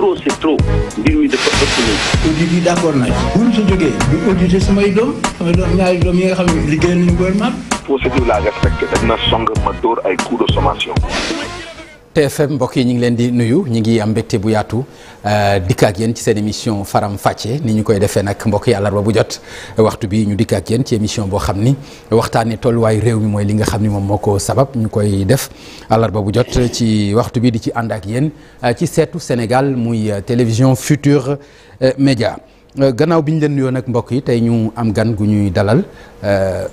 trop c' est trop mbir mi dafa ëpp audit yi d' accord nañ bu ñu sa jógee ñu audité samay doom samay doom ñaari doom yi nga xam ne liggéey nañu gouvernement procédure la respecté daf na song ma dóor ay coup de sommation TFM mbokk yi ñu ngi leen di nuyu ñu ngi am mbégte bu yaatu euh, dikk ak yéen ci seen émission faram fàcce ni ñu koy defee nag mbokk yi àllarba bu jot waxtu bi ñu dikk ak yéen ci émission boo xam ni waxtaanee tolluwaayu réew mi nga xam ni moom moo ko sabab ñu koy def àllarba bu jot ci waxtu bi di ci ànd ak yéen euh, ci seetu Sénégal muy euh, télévision Futur Média gannaaw bi ñu leen nuyoon nag mbokk yi tey ñu am gan gu ñuy dalal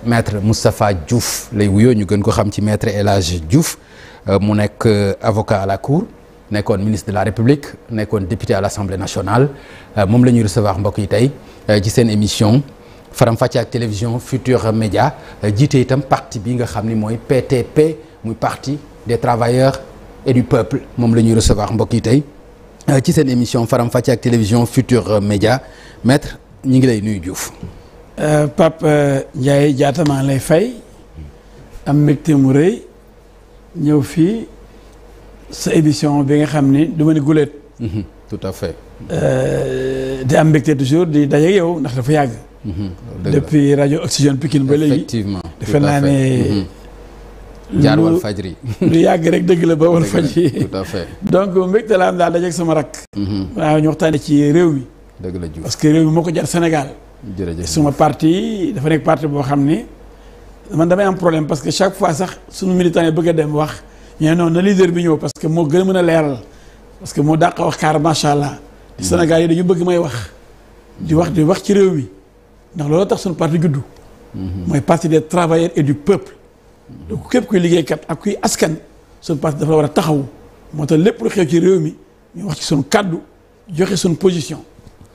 maître Moustapha Diouf lay wuyoo ñu gën ko xam ci maître El Hadj Euh, mu nekk euh, avocat à la cour nekkoon ministre de la république nekkoon député à l'assemblée nationale euh, moom la ñuy recevoir mbokk yi tey ci seen émission Faram Facce ak télévision Futurs média jiite itam parti bi nga xam ni mooy PTP muy parti des travailleurs et du peuple moom la ñuy recevoir mbokk yi tey ci seen émission Faram ak télévision Futurs média maître ñu ngi lay nuyu Diouf. Pape Ndiaye lay fay am mbégte mu rëy. ñëw fii sa émission bi nga xam ni du ma ni guléet mhm, tout à fait euh, di am mbégte toujours di daje yow ndax dafa yàgg mhm, depuis rajo Oxygène Pikine ba léegi effectivement defe naa ne mhm. jaar wal fajri lu yàgg rek dëgg la ba wal fajri tout à fait donc mbégte la am daal dajeeg sama rakk waaw ñu waxtaane ci réew mi dëgg la parce que réew mi moo ko jar Sénégal suma parti dafa nekk parti boo xam ni man damay am problème parce que chaque fois sax suñu militant bëgg a dem wax ñu non na leader bi ñëw parce que moo gën a mën a leeral parce que moo dàq wax kaar macha allah. di mm-hmm. Sénégal yi dañu bëgg may wax. di wax di wax ci réew mi ndax loolu tax suñu parti guddu mm-hmm. mooy parti des travailleurs et du peuple. donc képp kuy liggéeykat ak kuy askan suñu parti dafa war a taxawu moo tax lépp lu xew ci réew mi ñu wax ci suñu kàddu joxe suñu position.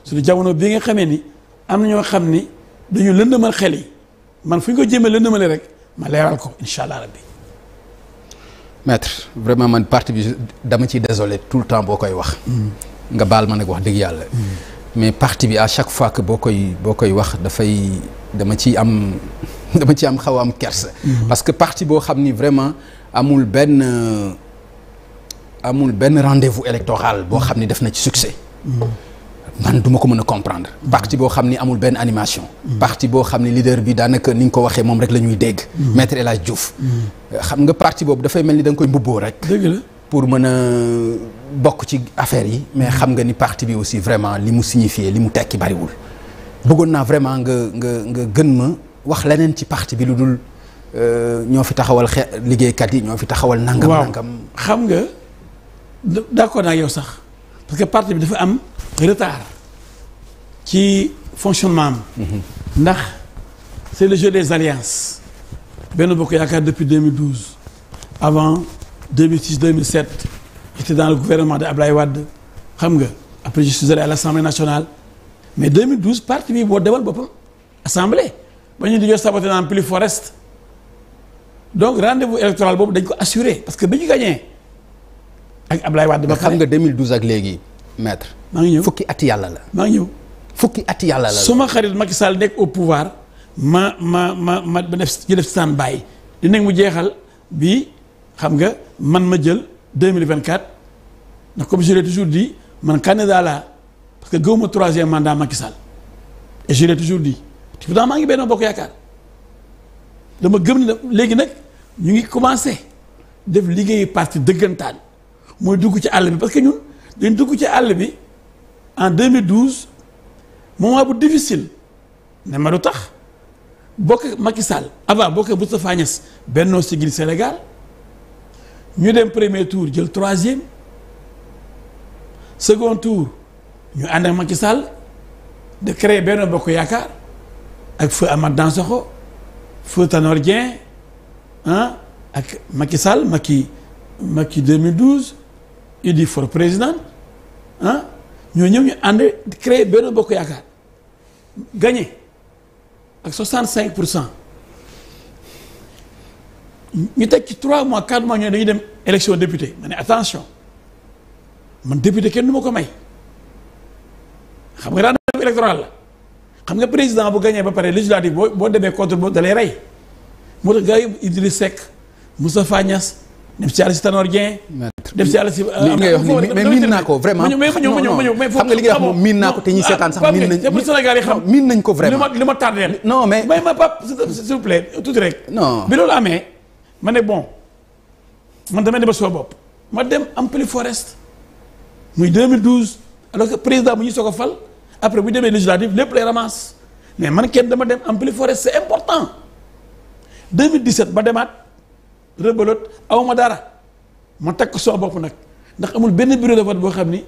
suñu jamono bii nga xamee ni am na ñoo xam ni dañu lëndëmal xel yi. man fu ñu ko jéemee ma le rek ma leeral ko incha allah rabbi maître vraiment man partie bi dama ciy désolé tout le temps boo koy wax mm. nga baal ma nag wax dëgg yàlla mm. mais partie bi à chaque fois que boo koy boo koy wax dafay dama ci am dama ci am xaw am kersa mm-hmm. parce que partie boo xam ni vraiment amul benn amul benn rendez-vous électoral boo mm. xam ni def na ci succès man du ko mën a comprendre parti boo xam ni amul benn animation parti boo xam ni leader bi daanaka ni nga ko waxee moom rek la ñuy dégg maître El Hadj Diouf xam nga parti boobu dafay mel ni da nga koy mbubboo rek pour mën a bokk ci affaire yi mais xam nga ni parti bi aussi vraiment li mu signifié li mu tekki bariwul bëggoon naa vraiment nga nga nga gën ma wax leneen ci parti bi lu dul euh, ñoo fi taxawal xe liggéeykat yi ñoo fi taxawal nangam nangam xam nga d'accord yow sax parce bi dafa am retard ci fonctionnement am. ndax c'est le jeu des alliances. Benno Bokk Yaakaar depuis 2012 avant 2006 2007 j'étais dans le gouvernement de Ablaye Wade xam nga après je suis l'Assemblée nationale mais 2012 parti bi boo demal boppam assemblée ba ñu di ñoo saboté naan plus forest donc rendez-vous électoral boobu dañ ko assuré parce que bi ñu gagné ak Ablaye Wade ba xam nga 2012 ak léegi. maître maa ngi ñëw fukki at yàlla la. maa ngi ñëw fukki ati yàlla la. su ma xarit Macky Sall nekk au pouvoir ma ma ma ma def ñu def stand by di nekk mu jeexal bi xam nga man ma jël deux mille vingt quatre ndax comme je l'ai toujours di man candidat laa parce que gëwuma troisième mandat Macky Sall et je l'ai toujours dit te maa ngi Benno Bokk Yaakaar dama gëm ne léegi nag ñu ngi commencé def liggéeyu parti dëggantaan mooy dugg ci àll bi parce que ñun. dañ dugg ci àll bi en 2012 moment bu difficile ne ma lu tax bokk Macky Sall avant bokk Moustapha Niasse Benno Siggil Sénégal ñu dem premier tour jël troisième second tour ñu ànd ak Macky Sall de créer Benno Bokk Yaakaar ak feu Amath Dansokho feu Tanor Dieng ah ak Macky Sall Macky Macky UDI for président ah ñoo ñëw ñu ànd créer Benno Bokk Yaakaar gañe ak cinq pour cent ñu teg ci 3 mois 4 mois ñoo dañuy dem élection député ma ne attention man député kenn du ma ko may xam nga rendez-vous électoral la xam nga président bu gañee ba pare législative boo boo demee contre boo dalay rey moo tax gars yi Idriss Seck Moustapha Niass def ci Aladji Tanor Dieng. def na euh, am na mais miin naa ko vraiment. mais ma ñëw ma ñëw mais foofu xam nga li nga wax moom miin naa ko te ñi seetaan ma li ma tardé non mais ma Pape s'il vous plaît tuuti rek. non bi loolu amee. ma ne bon man damay demal soo bopp. ma dem am Ampli Forest. muy 2012. alors que président bu ñu soog a fal. après bu ñu demee législative lépp lay ramasse. mais man kenn dama dem Ampli Forest c'est important. 2017 ba demaat. rebelote aw ma dara ma takk soo bopp nag ndax amul benn bureau de boo xam ni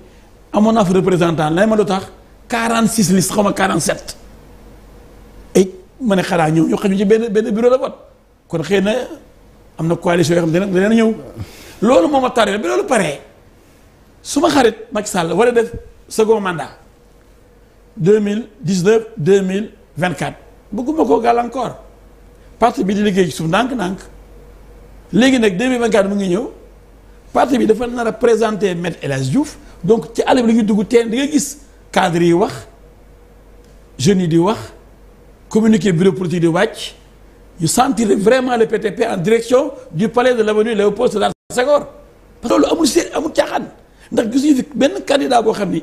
amoon naa fa représentant lay ma lu tax 46 liste xaw ma 47 ay ma ne xaraa ñëw ñu xaju ci benn benn bureau de kon xëy na am na coalition yoo xam ne dana dana ñëw loolu moo ma taree ba loolu paree su ma xarit Macky Sall war a def second mandat vingt 2024 bëgguma koo gàllankoor parti bi di liggéey ci ndànk-ndànk. léegi nag 2024 mu ngi ñëw parti bi dafa nar a présenter maître El jouf donc ci àll bi ñuy dugg teen di nga gis cadre yi wax jeunes yi di wax communiqué bureau politique di wàcc ñu sentir vraiment le PTP en direction du palais de l'avenue Léopold Sédar Senghor parce que loolu amul séer amul caaxaan ndax gisuñu fi benn candidat boo xam ni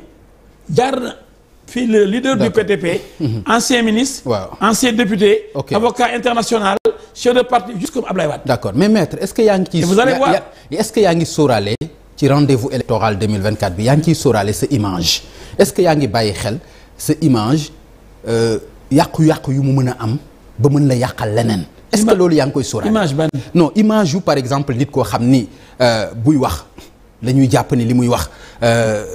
jaar na fii le leader du PTP ancien ministre waaw ancien député okay. avocat international chef de parti jusqu'à Ablaye Wade. d'accord mais maître est-ce que yaa ngi ciy. est-ce que yaa ngi sóoraale ci rendez électoral bi yaa ngi ciy sóoraale sa image est-ce que yaa ngi bàyyi xel sa image euh, yàqu-yàqu yu mu mën a am ba mën la yàqal leneen. est-ce que loolu yaa ngi koy sóoraale image ban image yu par exemple nit koo xam ni euh, buy wax la jàpp ni li muy wax euh,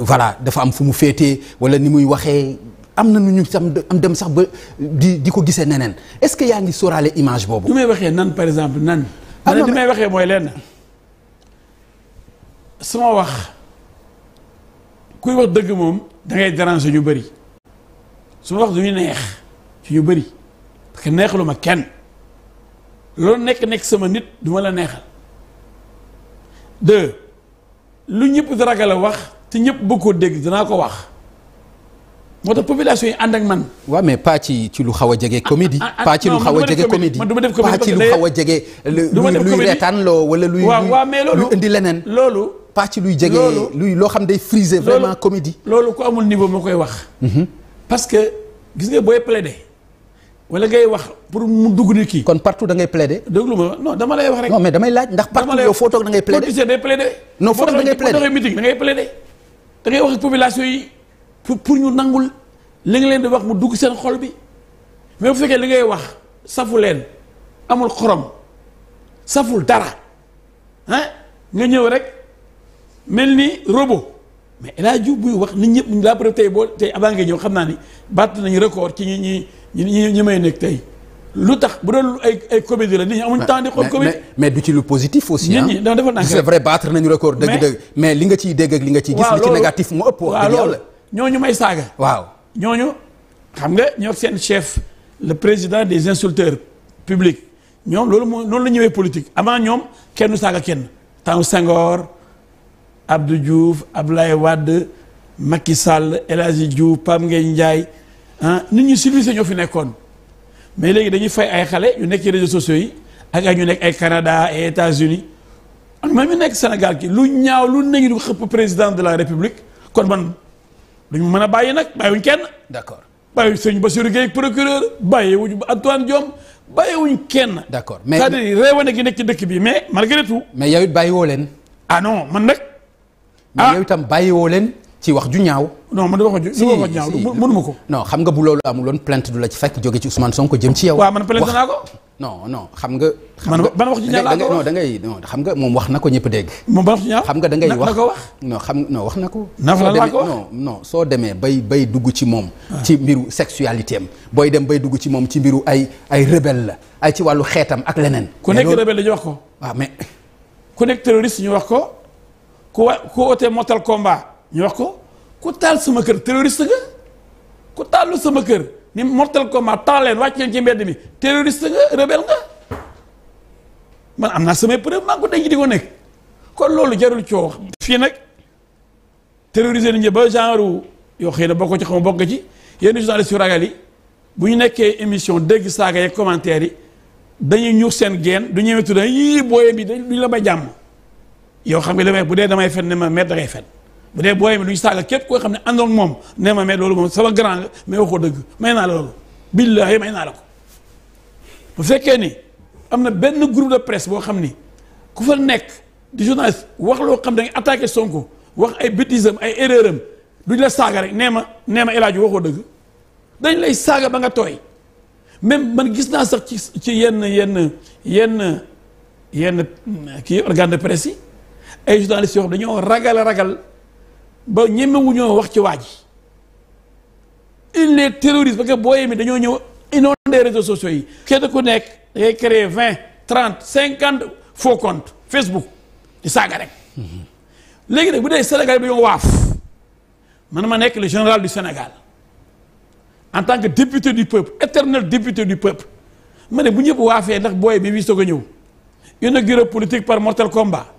voilà dafa am fu mu féete wala ni muy waxee. am na nu ñu sam dem sax ba di di ko gisee neneen est-ce que yaa ngi sóoraale image boobu. du may waxee nan par exemple nan. ah non may waxee mooy lenn suma wax kuy wax dëgg moom da ngay déranger ñu bëri su wax du ñu neex ci ñu bëri parce que ma kenn loolu nekk nekk sama nit du ma la neexal deux lu ñëpp dara la wax te ñëpp bëgg koo dégg danaa ko wax. moo tax population yi ànd ak man. waaw mais pas ci ci lu xaw a jege ah, comédie. Ah, ah, pas ci lu xaw a jege comédie man du ma def comédie pas ci lu xaw a jege. luy reetaan loo wala luy. luy indi leneen. loolu pas ci luy jege. luy loo xam day friser vraiment comédie. loolu ko amul niveau moo koy wax. Mhm. parce que gis nga booy plaider. wala ngay wax pour mu dugg ni kii. kon partout da ngay plaider. déglu ma non dama lay wax rek. non mais damay laaj ndax partout yow foo toog da ngay plaider. politicien day pour pour ñu nangul li nga leen di wax mu dugg seen xol bi mais bu fekkee li ngay wax safu leen amul xorom saful dara ah nga ñëw rek mel ni robot mais El buy wax nit ñëpp la preuve tey boo tey nga ñëw xam la amuñ temps di xool comédie mais du ci lu positif aussi nit ñi dafa record dëgg-dëgg mais li nga ciy dégg li nga ciy gis li ci négatif mu ëpp wax dëgg ñooñu may saaga. waaw ñooñu xam nga ñoo seen chef le président des insulteurs publics ñoom loolu moo noonu la ñëwee politique avant ñoom kenn saaga kenn. temps Senghor Abdou Diouf Abdoulaye Wade Macky Sall El Hadji Diouf Pam Ngeye Ndiaye ah nit ñu civilisé ñoo fi nekkoon mais léegi dañuy fay ay xale ñu nekk ci réseaux sociaux yi ak ay ñu nekk ay Canada ay États-Unis man mi nekk Sénégal ki lu ñaaw lu nañu di xëpp président de la République kon man. ñu mën a bàyyi nag bàyyiwuñ kenn. d'accord bàyyi sëñ Bassirou Gueye procureur bàyyiwuñ Antoine Diome bàyyiwuñ kenn. d'accord mais cest yi dire réewane gi nekk ci dëkk bi mais malgré tout. mais yow it bàyyiwoo leen. ah non man nag. ah mais yow itam bàyyiwoo leen. ci wax ju ñaaw. non man de wax ju si wax ñaaw mënuma ko. non xam nga bu loolu amuloon plainte du la ci fekk jóge ci Ousmane Sonko jëm ci yow. waaw man plainte naa ko. non non xam nga. man ban da ngay non xam nga moom wax na ko ñëpp dégg. moom ban wax ci ñaar xam nga da ngay wax na ko wax. non xam non wax na ko. naaf la ko wax non non soo demee bay bay dugg ci moom. Ah. ci mbiru sexualité am booy dem bay dugg ci moom ci mbiru ay ay rebelle la ay ci wàllu xeetam ak leneen. ku nekk rebelle dañu wax ko. waa ah, mais. ku nekk terroriste ñu wax ko ku wa ku ootee Mortal Kombat ñu wax ko ku taal sama kër terroriste nga ku taalu sama kër. ni mortal combat taal leen wàcc leen ci mbedd mi terroriste nga rebelle nga man am naa samay preuve maa ngi ko denc di ko nekk kon loolu jarul coow fii nag terroriser nit ñi ba genre yoo xëy na bokk ci xam bokk ci yenn journalistes yu ragal yi bu ñu nekkee émission dégg saaga yi commentaire yi dañuy ñuux seen geen du ñëwee tudd yii booyee bi dañ duñ la may jàmm yow xam nga damay bu dee damay fen ne ma met dangay fen bu dee boo mi du ñu saaga képp koo xam ne àndoon moom nee ma mais loolu moom sama grand nga mais waxoo dëgg ma naa la loolu billaahi may naa la ko bu fekkee ni am na benn groupe de presse boo xam ni ku fa nekk di journaliste wax loo xam da ngay attaqué Sonko wax ay bêtises am ay erreur am duñ la saaga rek nee ma nee ma El Hadj waxoo dëgg dañ lay saaga ba nga tooy même man gis naa sax ci ci yenn yenn yenn yenn kii organ de presse yi ay journalistes yoo xam dañoo ragal ragal. ba ñemewuñoo wax ci waa ji il les terrorise parce que booyee dañoo ñëw inondé réseaux sociaux yi kenn ku nekk da ngay créer vingt trente cinquante faux compte Facebook di saaga rek léegi nag bu dee Sénégal bi dañoo waaf man ma nekk le général du Sénégal en tant que député du peuple éternel député du peuple ma ne bu ñëpp waafee ndax booy bi wii soog a ñëw inauguré politique par mortel combat.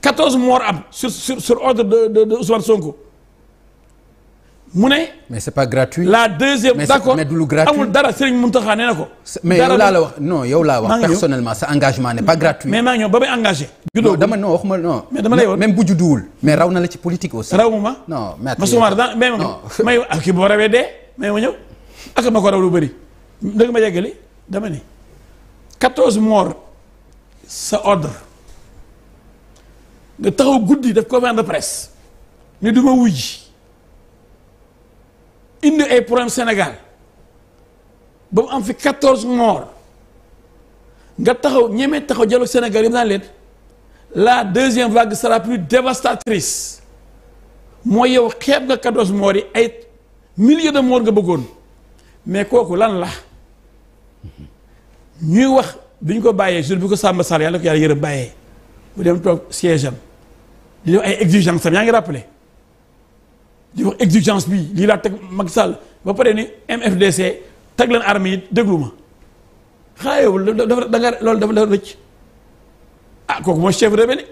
quatorze morts am sur sur sur ordre de de de Sonko mu ne. mais c'est pas gratuit. la deuxième mais d'accord mais du lu amul dara Serigne Mountakha nee na ko. mais yow laa la wax non yow laa wax. personnellement sa engagement n'est pas gratuit. mais maa ngi ñëw ba may engagé. juddoo dama non waxuma non. mais dama lay woon même bu judduwul. mais raw na la ci politique aussi. rawuma ma ma mosuma daan mais may ak boo rawee dee may ma ñëw ak ma ko raw lu bëri dëgg ma yeggali dama ni quatorze morts sa ordre. nga taxaw guddi def conférence de presse ne du ma wujji indi ay problème Sénégal ba mu am fi quatorze morts nga taxaw ñemee taxaw dialogue Sénégal yi naan leen la deuxième vague sera plus dévastatrice mooy yow xeeb nga quatorze morts yi ay milliers de morts nga bëggoon mais kooku lan la ñuy wax bi ñu ko bàyyee jour bi ko Samba Sall yàlla ko yàlla yërëm bàyyee mu dem toog siège di def ay exigence sam yaa ngi rappelé di wax exigence bi lii laa teg mag Sall ba pare ni MFDC teg leen armée yi déglu ma xanaa yow dafa loolu dafa dafa rëcc ah kooku mooy chef rebelle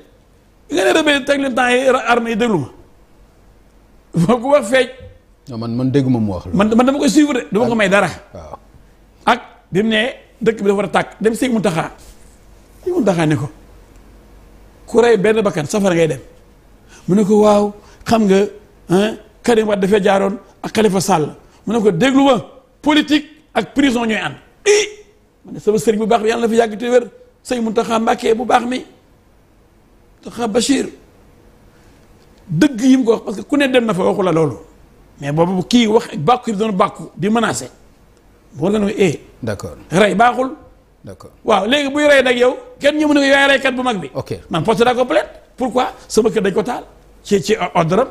nga teg leen temps yi armée yi déglu ma ku wax man man dégguma mu wax man man dama koy suivre de dama ko ah. may dara. ak bi mu ne dëkk bi dafa war a tàkk dem si mu taxaa si mu taxaa ne ko ku rey benn bakkan safara ngay dem. mu ne ko waaw xam nga Karim Wade dafee jaaroon ak Khalifa Sall mu ne ko déglu ma politique ak prison ñooy ànd i ma ne sama sëriñ bu baax bi yàlla na fi yàgg te wér sëñ Mountakha Mbacké bu baax mi Mountakha Bachir dëgg yi ko wax parce que ku ne dem na fa waxu la loolu mais boobu kii wax bàkku yi doon bàkku di menacé boo la ne eh. d'accord rey baaxul. d'accord waaw léegi buy rey nag yow kenn ñu bu mag bi. ok man porte la ko plainte pourquoi sama kër dañ ko taal. ci ci ordre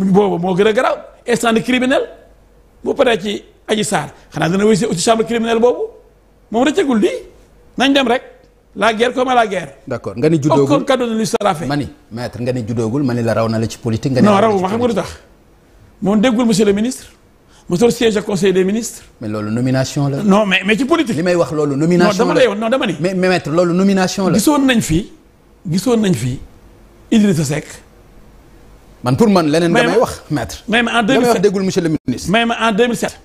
am boobu moo gën a garaaw instant de criminel bu paree ci aji saar xanaa dana wéy aussi chambre criminel boobu moom rëccagul lii nañ dem rek la guerre comme la guerre. d'accord nga ni juddoogul comme ma ni maître nga ni juddoogul ma ni la raw na la ci politique. nga ni non raw nga du tax moom déggul monsieur le ministre. monsieur siège au conseil des ministres. mais loolu nomination la. non mais mais ci politique. li may wax loolu nomination la non dama lay wax non dama ni. mais mais maître loolu nomination la. gisoon nañ fi gisoon nañ fi Idrissa man pour man leneen nga may wax maître. mais en 2007 nga may wax déggul monsieur le ministre. mais en 2007.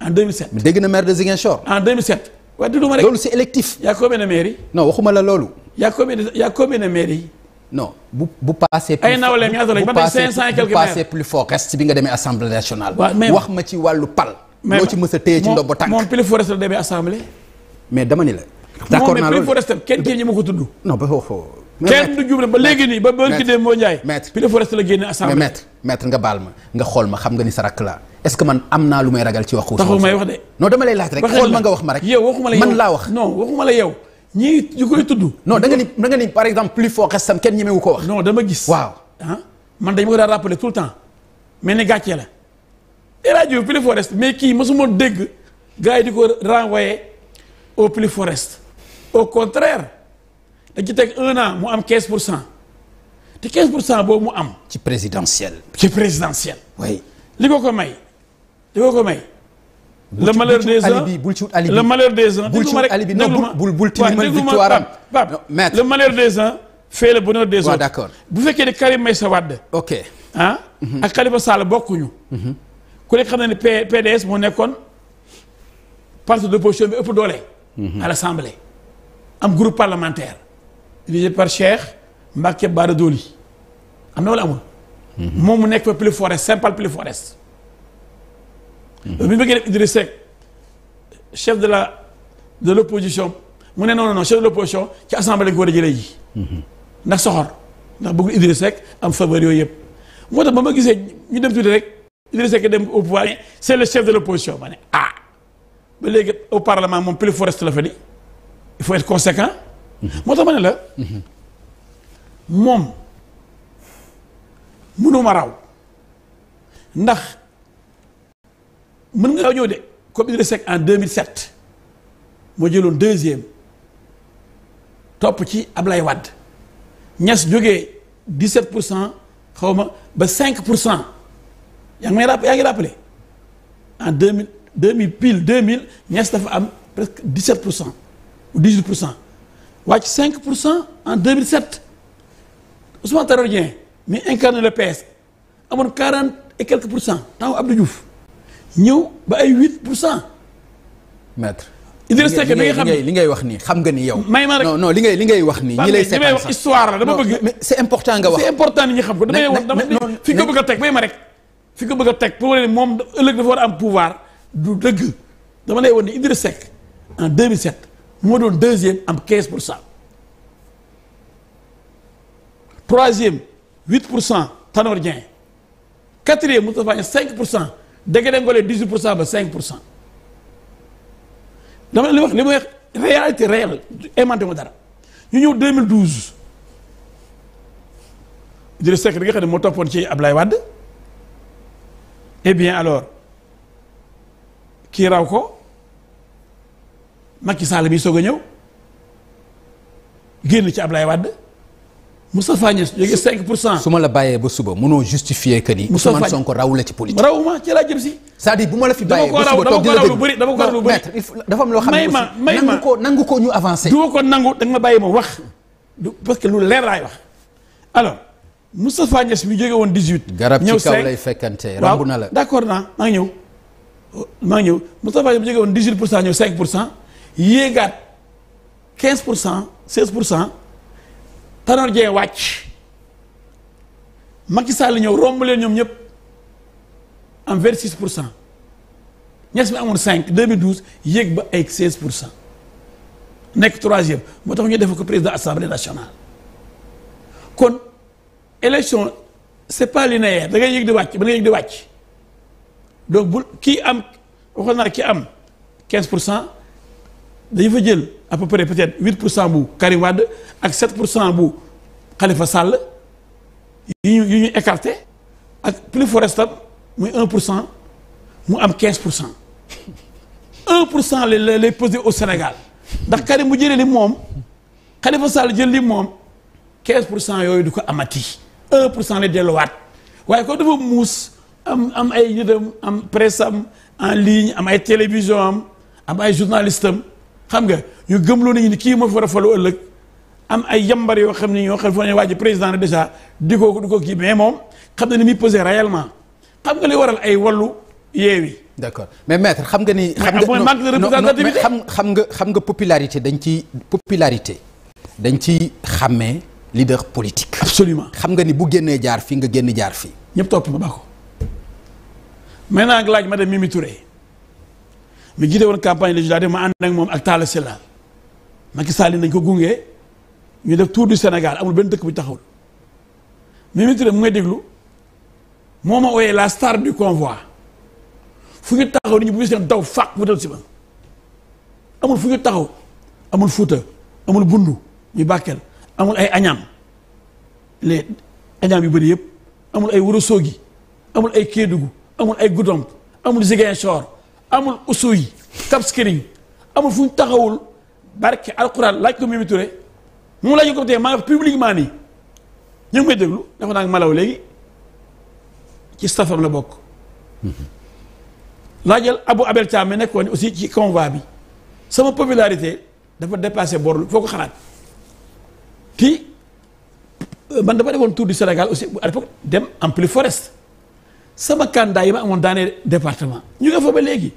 en 2007 dégg na maire de Ziguinchor. en 2007. waaye du ma rek loolu c'est électif. y a combien de maires yi. non waxuma la loolu. y a combien de y a combien de maires yi. non bu bu paasee. ay nawleem ñaata lañ man de 500 et quelques maires bu paasee plus fort reste bi nga demee assemblée nationale. wax ma ci wàllu pal. mais loo ci mës a téye ci ndobo tànk. moom plus fort reste la demee assemblée. mais dama ni la. d'accord naa loolu moom mais plus fort reste kenn kii ñi ma ko tudd. non ba foofu. Oh, oh. kenn du jublu ba léegi nii ba bër ki dee moo njaay maître puis dafa reste la génne assemblée mais maître maître nga baal ma nga xool ma xam nga ni sa rakk laa est-ce que man am naa lu may ragal ci waxu taxu may wax de non dama lay laaj rek xool ma nga wax ma rek yow waxuma la man laa wax non waxuma la yow ñii ñu koy tudd non da nga ni da nga ni par exemple plus fort xesam kenn ñemewu ko wax non dama gis waaw ah man dañ ma ko daan rappeler tout le temps mais ni gàccee la rajo plus forest mais kii mosuma dégg gars yi di ko renvoyer au plus forest au contraire da ci teg un an mu am 15 pour cent te pour cent boobu mu am. ci présidentiel. ci présidentiel. oui li ko ko may. li ko ko may. le malheur des uns bul ci wut alibi le malheur des uns. bul ci wut alibi non bul bul tilimal victoire am le malheur des uns fait le bu fekkee ne Karim Meïssa Wade. ok ah. ak Khalifa Sall bokkuñu. Mhm. ku nekk xam na ne PDS moo nekkoon parti d'opposition bi ëpp doole. Mhm. à l'Assemblée am groupe parlementaire. dirigé par Cheikh Mbacke Bara Doli am na wala amul. Mhm. moom mu nekk fa plus forest simple plus forest. Mhm. bi ñu bëggee def Idrissa Seck chef de la de l' opposition mu ne non non chef de l' ci assemblée ko war a jëlee ji. Mhm. ndax soxor ndax bëggul Idrissa sec am faveur yooyu yëpp moo tax ba ma gisee ñu dem tuuti rek Idrissa Seck dem au pouvoir c' est le chef de l' opposition ma ne ah ba léegi au parlement moom plus forest la fa di il faut être conséquent. moo tax ma ne la moom mënuma raw ndax mën nga ñëw de comme Idrissa Seck en 2007 moo jëloon deuxième topp ci Ablaye Wade Niass jógee 17 pour cent xawma ba 5 pour cent yaa ngi may rappelé yaa ngi rappelé en 2000 2000 pile 2000 Niass dafa am presque 17 pour cent ou 18 pour cent. wàcc cinq pour cent en 2007 Ousmane Tanor Dieng mi incarné le PS amoon 40 et quelques pour cent temps Abdou Diouf ñëw ba ay 8 pour cent. maître Idrissa Seck mi nga xam li ngay wax nii xam nga ni yow. may ma rek non non li ngay li ngay wax nii. ñi lay seetaan sax wax histoire la dama bëgg. mais c'est important nga wax c'est important ni ñu xam ko damay wax dama fi nga bëgg a teg may ma rek. bëgg a teg moom ëllëg dafa war a am pouvoir du dëgg dama lay wax ni Idrissa Seck en 2007. moo doon deuxième am quinze pour cent troisième huit pour cent Tanor Dieng quatrième Moustapha Niasse cinq pour cent Degene Ngole 18 pour cent ba cinq pour cent dama li wax li may réalité réelle inventé ma dara ñu ñëw 2012 Idrissa Seck di nga xam ne moo toppoon ci Ablaye Wade eh bien alors kii raw ko. Macky Sall bi soog a ñëw génn ci Ablaye Wade Moustapha Niass jógee 5 pour cent. su ma la bàyyee ba suba mënoo justifier que ni. Moustapha Ousmane Sonko raw la ci politique. raw ma ci laa jëm si. c'est-à-dire bu ma la fi bàyyee ba suba toog dina dégg dama ko raw lu bëri dama ko raw lu bëri. dafa am loo xam ne aussi nangu ko nangu ko ñu avancé. du ma ko nangu da nga ma bàyyi ma wax. du parce que lu leer laay wax alors Moustapha Niass bi jógee woon 18. garab ci kaw lay fekkante rambu na la ñëw 5 waaw d'accord naa maa ngi ñëw. maa ngi ñëw Moustapha Niass bi jógee woon 18 pour cent ñëw 5 pour cent yéegaat 15 pour cent 16 pour cent Tanor Dieng wàcc Macky Sall ñëw romb leen ñoom ñëpp am 26 pour cent ñes mi amoon 5 2012 yéeg ba ay 16 pour cent nekk troisième moo tax ñu def ko président assemblée nationale kon élection c'est pas linéaire da ngay yéeg di wàcc ba ngay yéeg di wàcc donc bu kii am waxoon naa kii am quinze pour cent. dañu fa jël à peu près peut huit pour cent bu Karim Wade ak sept pour cent bu Khalifa Sall yu ñu yu ñu écarté ak plus forestal muy un pour cent mu am quinze pour cent un pour cent lay lay posé au Sénégal ndax Karim bu jëlee li moom Khalifa Sall jël li moom quinze pour cent yooyu du ko amati un pour cent lay delluwaat waaye ko dafa muus am am ay nitam am presse am en ligne am ay télévision am am ay journaliste am xam nga ñu gëmloo nañu ni kii moo fi war a falu ëllëg am ay yambar yoo xam ne ñoo xam ne waa ji président la déjà di ko di ko kii mais moom xam na ni mi pesé réellement xam nga li waral ay wallu d' accord mais maître xam nga ni. xam nga manque de représentativité xam xam nga xam nga popularité dañ ci popularité dañ ci xàmmee leader politique. absolument xam nga ni bu génnee jaar fii nga génn jaar fii. ñëpp topp ma ba ko maintenant laaj ma dem Mimi Touré. mi jiite woon campagne législative ma ànd ak moom ak Talla Sylla Macky Sall nañ ko gunge ñu def tour du Sénégal amul benn dëkk bu taxawul Mimi Touré mu ngay déglu moo ma ooyee la star du convoi fu ñu taxaw nit ñi bu ñu seen daw fàq wutal si ma amul fu ñu taxaw amul Fuuta amul Bundu ñu Bakel amul ay añaam les añaam yu bëri yëpp amul ay Ourossogui amul ay Kédougou amul ay Goudomp amul Ziguinchor amul usu yi kabskëriñ amul fu ñu taxawul barke alquran laaj ko Mimi Touré mu laaj ko tey maa ngi publiquement nii ñu ngi may déglu dafa naa malaw léegi ci staffam la bokk laajal Abou Abel Thiam mi nekkoon aussi ci convoi bi sama popularité dafa dépassé borlu foo ko xalaat ti man dafa defoon tour du Sénégal aussi à dem en plus forest sama candidat yi ma amoon daanee département ñu nga fa ba léegi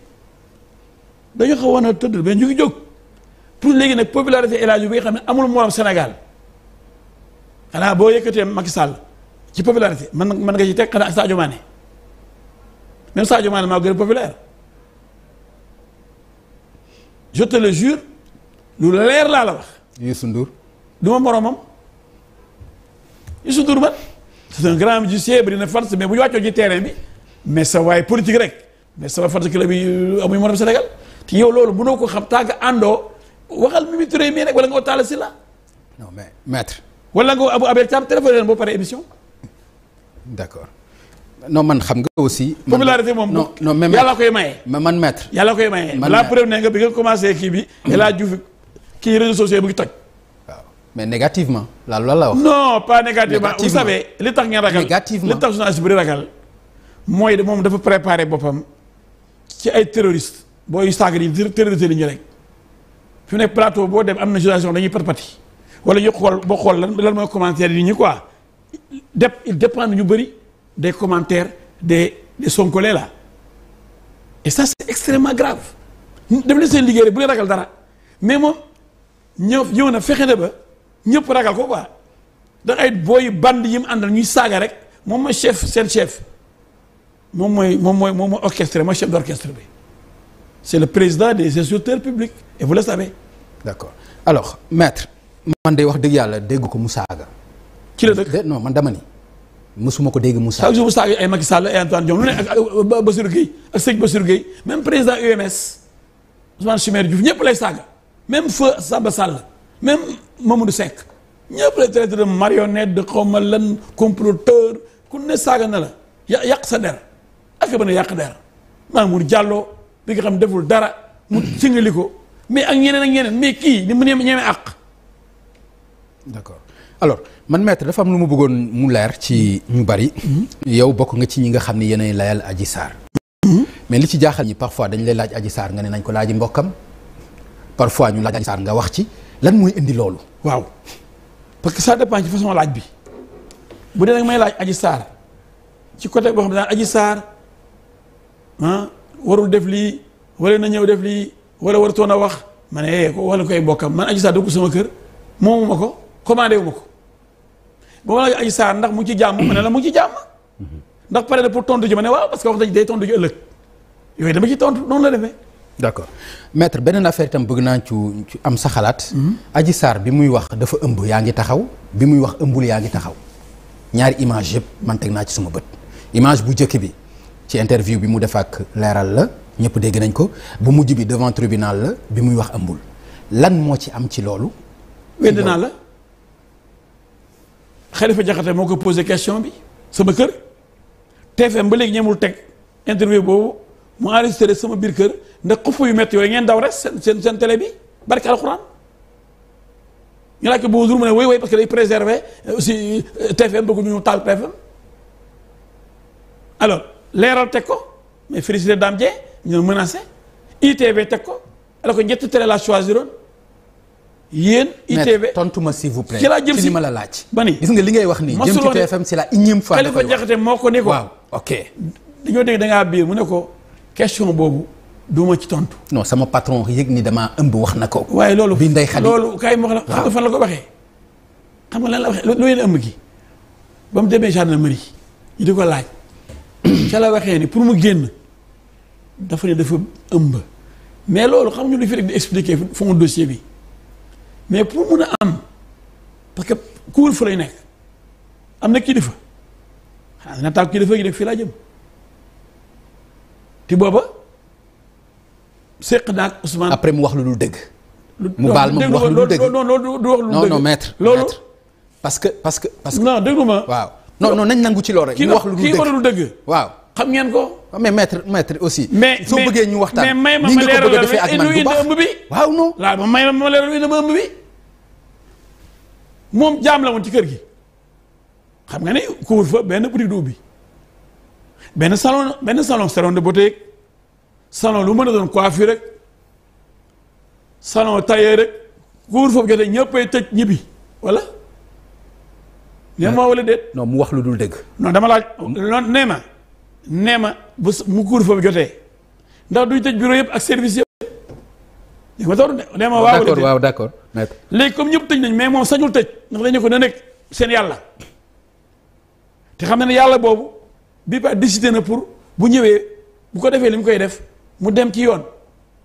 dañu xaw a tëdd mais ñu ngi jóg pour léegi nag popularité El bi nga xam ne amul morom Sénégal xanaa boo yëkkatee Macky Sall ci popularité man mën nga ci teg xanaa ak Sadio Mané même Sadio Mané gën a populaire je le jure lu leer laa la wax. Youssou Ndour. du ma moromam Youssou Ndour man c'est un grand bari na fans mais bu ñu wàccoo ci terrain bi mais sa waay politique rek mais sama fans club bi euh, amuñu morom Sénégal. te yow loolu mënoo ko xam tàgg àndoo waxal Mimi Touré mii rek wala nga ko si la non mais maître. wala nga ko Abou Abel Thiam téléphoné leen boo paree émission. man xam nga aussi. popularité moom non non mais yàlla koy maye. ma man maître. yàlla koy maye la preuve ne nga bi nga commencé kii bi. nga mm-hmm. laa Diouf kii réseaux sociaux bu ngi toj. mais négativement la loolu la wax. non pas négativement vous savez li tax ngeen ragal négativement li tax journaliste bi ragal mooy moom dafa préparé boppam ci ay terroristes. booy saaga di terroriser ñu rek fi ne nekk plateau boo dem am na situation dañuy pati wala ñu xool boo xool lan lan mooy commentaire yi ñu quoi dep il dépend ñu bëri des commentaires des des sonkolés là et ça c'est extrêmement grave def leen seen liggéey rek bu leen ragal dara mais moom ñëw ñëw na fexe na ba ñëpp ragal ko quoi ndax ay booy band yi mu àndal ñuy saaga rek moom mooy chef seen chef mooy moom mooy moom mooy orchestre mooy chef d'orchestre bi. c'est le président des instructeurs publics et vous le savez. d'accord alors maître. man day wax dëgg yàlla dégg ko mu saaga. ci la dëgg non man dama ni. mësuma ko dégg mu saaga. chaque jour ay Macky Sall ay Antoine Diome lu ne ak Bassirou Gueye ak sëñ Bassirou Gueye même président UMS Ousmane Chimère Diouf ñëpp lay saaga même feu Samba Sall même Mamadou Seck ñëpp lay traité de marionnette de xaw ma comploteur ku ne saaga na la yàq sa der ak ba ne yàq der maanaam jàlloo. bi nga xam deful dara mu singali ko mais ak ñeneen ak ñeneen mais kii ni mu ne ñeme àq d'accord alors man maître dafa am lu ma bëggoon mu leer ci ñu bari yow bokk nga ci ñi nga xam ne yéenay layal aji Sarr mais li ci jaaxal ñi parfois dañ lay laaj aji saar nga ne nañ ko laaji mbokkam parfois ñu laaj Adji Sarr nga wax ci lan mooy indi loolu waaw parce que ça dépend ci façon laaj bi bu dee nag may laaj aji Sarr ci côté boo xam ne daal Adji ah, warul def lii wala na ñëw def lii wala wartoon a wax ma ne yee eh, ko wala koy bokkam man Adji Sarr dugg sama kër moomu ma ko commandé wu ko ba ma la Adji ndax mu ngi ci jàmm ma ne la mu ngi ci jàmm ndax pare na pour tontu ji ma ne waaw parce que wax dëgg day tontu ji ëllëg yooyu dama ci tontu noonu la defee. d' accord maître beneen affaire tam bëgg naa ci am sa xalaat. Hmm? Adji Sarr bi muy wax dafa ëmb yaa ngi taxaw bi muy wax ëmbul yaa ngi taxaw ñaari image yëpp man teg naa ci suma bët image bu njëkk bi. ci interview bi mu def ak leeral la ñëpp dégg nañ ko bu mujj bi devant tribunal la bi muy wax ëmbul lan moo ci am ci loolu. wedd naa la Khalifa Diakhaté moo ko posé question bi sama kër TFM ba léegi ñemul teg interview boobu mu enregistré sama biir kër ndax xufu yu métti yooyu ngeen daw rek seen seen seen télé bi barke alxuraan ñu laaj ko boobu jour ne woy woy parce que day préserver euh, aussi euh, TFM bëgg ñu taal TFM alors. leeral teg ko mais félicité Dame Dieng ñu menacé ITV teg ko alors que ñetti télé laa choisiroon yéen. ITV tontu ma s'il vous plaît. ci laa jëm si li ma la laaj. ba ni gis nga li ngay wax nii. jëm ci TFM c'est la énième fois. Khalifa Diakhaté moo ko ni ko waaw ok. dañoo dégg da ngaa biir mu ne ko question boobu duma ci tontu. non sama patron yëg ni damaa ëmb wax na ko. waaye loolu bi Ndeye Khady loolu kay ma wax la xam nga fan la ko waxee. xam nga lan la waxee lu yéen ëmb gi ba mu demee gendarmerie ñu di ko laaj. ca la waxee ni pour mu génn dafa ne dafa ëmb mais loolu xam nga lu fi rek di expliquer fond dossier bi mais pour mun a am parce que kuul fa lay nekk am na kilifa xanaa na taal kilifa gi def fii laa jëm te booba séq naag Ousmane. après mu wax lu dul dégg mu baal ma mu wax lu dul dëgg non non du wax lu dul dëgg non loolu parce que parce que parce que. non déglu waaw. non non nañ nangu ci loolu rek. ñu wax lu dul dëgg kii warul waaw xam ngeen ko. mais maître maître aussi. mais soo bëggee ñu waxtaan. mais may ma ma leeral la indi ëmb bi waaw non. laal may ma ma leeral indi ëmb bi moom jaam la woon ci kër gi xam nga ne couvre benn boutique du ubbi benn salon benn salon salon de beauté salon lu mën a doon coiffure rek salon tailleur rek couvre-feu jotee ñëppay tëj ñibbi wala. nee ma wala déet. non mu wax lu dul dëgg. non dama laaj loolu nee ma nee ma bu mu kuur fa bi jotee ndax duñ tëj bureau yëpp ak service yëpp. li ma toog waaw d'accord waaw d'accord léegi comme ñëpp tëj nañ mais moom sañul tëj ndax dañu ko na nekk seen yàlla te xam na ne yàlla boobu bi ba décidé na pour bu ñëwee bu ko defee li mu koy def mu dem ci yoon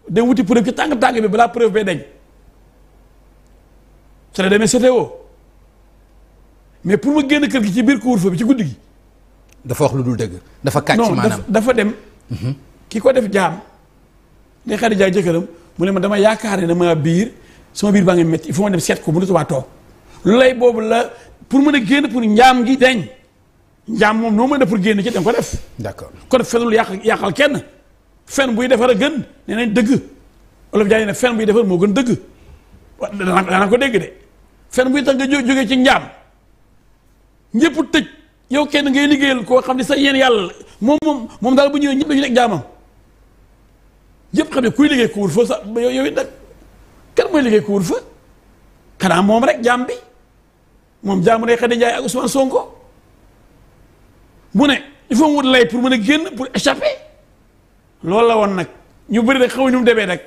dem wuti preuve ci tàng tàng bi balaa preuve bee deñ. c' est le demee CTO mais pour ma génn kër gi ci biir couvre-feu bi ci guddi gi. dafa wax lu dul dëgg. dafa kàcc maanaam dafa dem. Mhm. ki ko def jaam. ne Xadija jëkkëram mu ne ma dama yaakaar ne dama biir sama biir baa ngi métti il faut ma dem seet ko mu ne tubaab toog lay boobu la pour mën a génn pour njaam gi deñ njaam moom noo mën ne pour génn ci dem ko def. d'accord kon fenul yàq yàqal kenn. fen buy defar a gën nee dëgg olof jaay ne fen buy defar moo gën dëgg wa danaa ko dégg de fen buy tax nga jógee ci njaam. ñëpp tëj yow kenn ngay liggéeyal koo xam ne sa yéen yàlla moom moom moom daal bu ñëwee ñu dañu nekk jaamam ñëpp xam ne kuy liggéey couvre-feu sax yow yow it nag kan mooy liggéey couvre-feu xanaa moom rek jaam bi moom jaamu ne Khady Ndiaye ak Ousmane Sonko mu ne il faut mu wut lay pour mën a génn pour échapper loolu la woon nag ñu bëri rek xaw ñu mu demee rek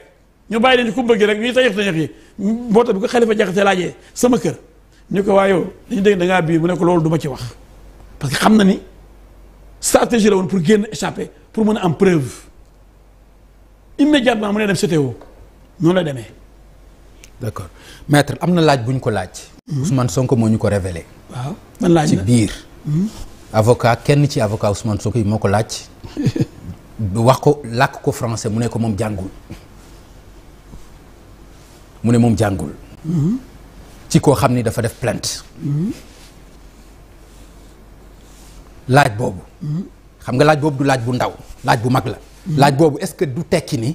ñu bàyyi leen ci bëgg gi rek ñuy sa tajax yi moo tax bi ko Khalifa Diakhaté laajee sama kër. ñu ko waaye yow dañu dégg da ngaa biir mu ne ko loolu du ma ci wax parce que xam na ni stratégie la woon pour génn échapper pour mën a am preuve immédiatement mu ne dem CTO noonu la demee. d'accord metre am na laaj buñ ko laaj. Hmm? Ousmane Sonko moo ñu ko révélé. waaw man laaj ci biir. Hmm? avocat kenn ci avocat Ousmane Sonko yi moo ko laaj. wax ko làkk ko français mu ne ko moom jàngul mu ne moom jàngul. Hmm? ci koo xam ni dafa def plainte laaj boobu xam nga laaj boobu du laaj bu ndaw laaj bu mag la laaj boobu est-ce que du tekki ni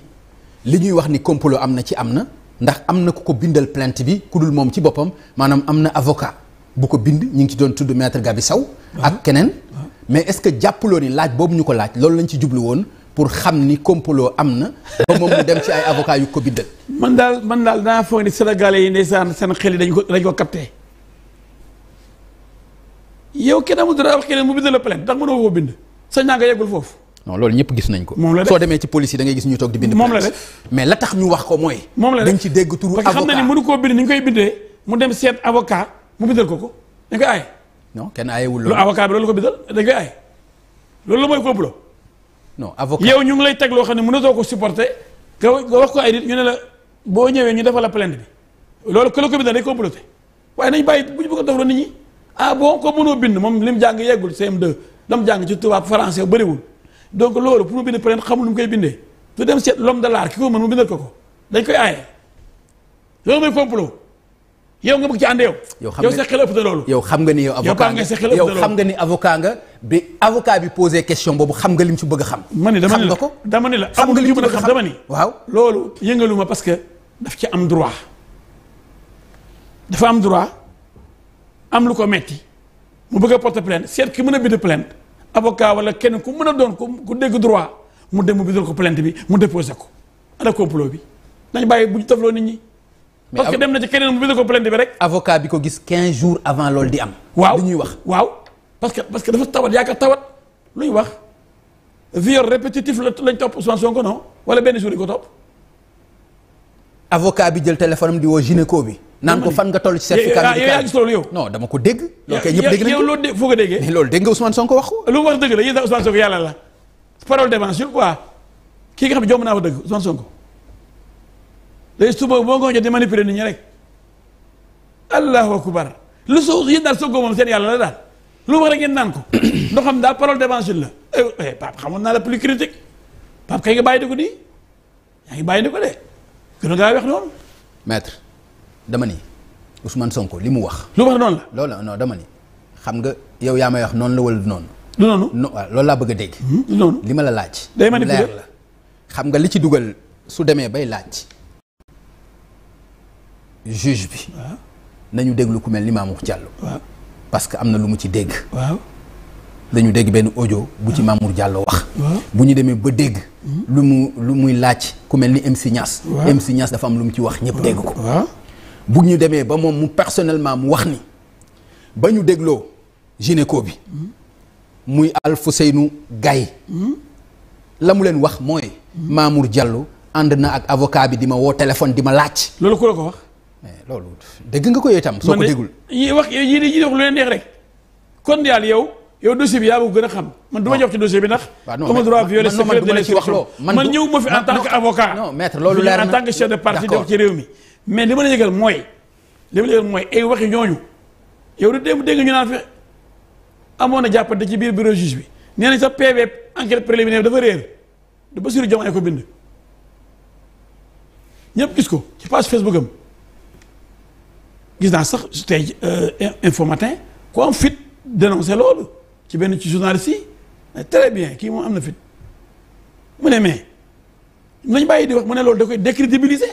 li ñuy wax ni complot am na ci am na ndax am na ku ko bindal plainte bi ku dul moom ci boppam maanaam am na avoca bu ko bind ñu ngi ci doon tudd maître Gabi Sow ak ah. keneen ah. mais est-ce que jàppuloo ni laaj boobu ñu ko laaj loolu lañ ci jublu woon pour xam ni complot am na ba moom mu dem ci ay avocat yu ko biddal man daal man daal daa foog ni sénégalais yi ne ndeysaan seen xel yi dañ ko dañ ko capté yow kenn a dara wax keneen mu bind la sa ñaa foofu non ñëpp gis nañ ko soo demee ci police yi gis ñu toog di bind moom la la tax ñu wax ko mooy moom la dañ ci dégg turu koo bind koy bindee mu dem seet avocat mu bindal ko ko dañ koy aaye non kenn aayewul loolu avocat bi loolu ko bindal dañ koy aaye loolu la mooy complot non avocat yow ñu ngi lay teg loo xam ne mënatoo ko supporter nga wax ko ay nit ñu ne la boo ñëwee ñu defal la plainte bi loolu que ko bindee day comploté waaye nañ bàyyi bu ñu bëgg a defloo nit ñi ah bon ko mënoo bind moom lim jàng yeggul cm dam jàng ci tubaab français bëriwul donc loolu pour mu bind plainte xamul nu mu koy bindee su dem seet de l'art ki ko mën mu bindal ko ko dañ koy aaye loolu mooy complot yow nga bëgg ci ànd yow. yow xam nga sa xel ëpp na loolu. xam nga ni yow yow xam nga ni avocat nga. bi avocat bi posé question boobu xam nga lim ci bëgg xam. xam nga ko dama ni la dama ni la amul li mën a xam dama ni. waaw loolu yëngaluma parce que daf ci am droit dafa am droit am lu ko metti mu bëggee a porter plainte seet ki mën a bind plainte avocat wala kenn ku mën a doon ku dégg droit mu dem mu bindal ko plainte bi mu déposé ko ana complot bi nañ bàyyi bu ñu tafloo nit ñi. parce dem na ci keneen mu bindal ko plainte bi rek. avocat bi ko gis 15 jours avant loolu di am. waaw li ñuy wax waaw. parce que parce que dafa tawat yaakaar tawat luy wax viol répétitif lañ topp Ousmane Sonko non wala benn jour yi ko topp. avocat bi jël téléphone am di woo gynéco bi. naan ko fan nga toll ci certificat médical yow yaa gis loolu yow. non dama ko dégg. ok ñëpp dégg nañ ko yow loolu dé ko wax ko. lu mu wax dëgg la yéen sax nga xam ne di manipuler nit ñi rek allahu akbar lu soo yéen daal Sonko moom seen yàlla la daal lu wax rek ngeen naan ko ndoxam daa parole d'évangile la eh, eh Pape xamoon naa la plus critique Pape kay nga bàyyi di ko nii yaa ngi bàyyi di ko de gën a ngaa wax noonu. maître dama ni Ousmane Sonko li mu wax. lu wax noonu la loolu non xam nga yow yaa may wax noonu la wala du noonu. loolu laa bëgg a dégg. Hmm, du noonu li ma la laaj. day manipuler leer la xam nga li ci dugal su demee bay laaj. juge bi. nañu déglu ku mel ni Mamour Diallo. parce que am na lu mu ci dégg. waaw dañu dégg benn audio bu ci ah. Mamour jàlloo wax. bu ñu demee ba dégg. Hmm. lu mu lu muy laaj ku mel ni MC Niass. dafa am lu mu ci wax ñëpp dégg ko. bu ñu demee ba moom mu personnellement mu wax ni ba ñu dégloo gynéco bi. Hmm. muy Alfousseynou Gaye hmm. la mu leen wax mooy. Mamour Diallo ànd na ak avocat bi di ma woo téléphone di ma laaj. loolu ko wax. mais loolu dégg nga ko yow itam. soo ko déggul yi wax yii di wax lu leen neex rek. kon daal yow yow dossier bi yaa bëgg gën a xam. man du ma jox ci dossier bi ndax. waaw non man man loo man ñëw ma fi en tant que avocat. non maître loolu leer na en tant que mooy li ma la yëgal mooy ay waxi ñooñu yow du dégg ñu naan fi amoon na jàppante ci biir bureau juge bi nee nañ sax PV enquête préliminaire dafa réer du Bassirou Diomaye ko bind ñëpp gis ko ci page Facebook gis naa sax tey euh, info matin ku am fit dénoncé loolu ci benn ci journaliste yi très bien kii moom am na fit mu ne mais nañ bàyyi di wax mu ne loolu da koy décrédibiliser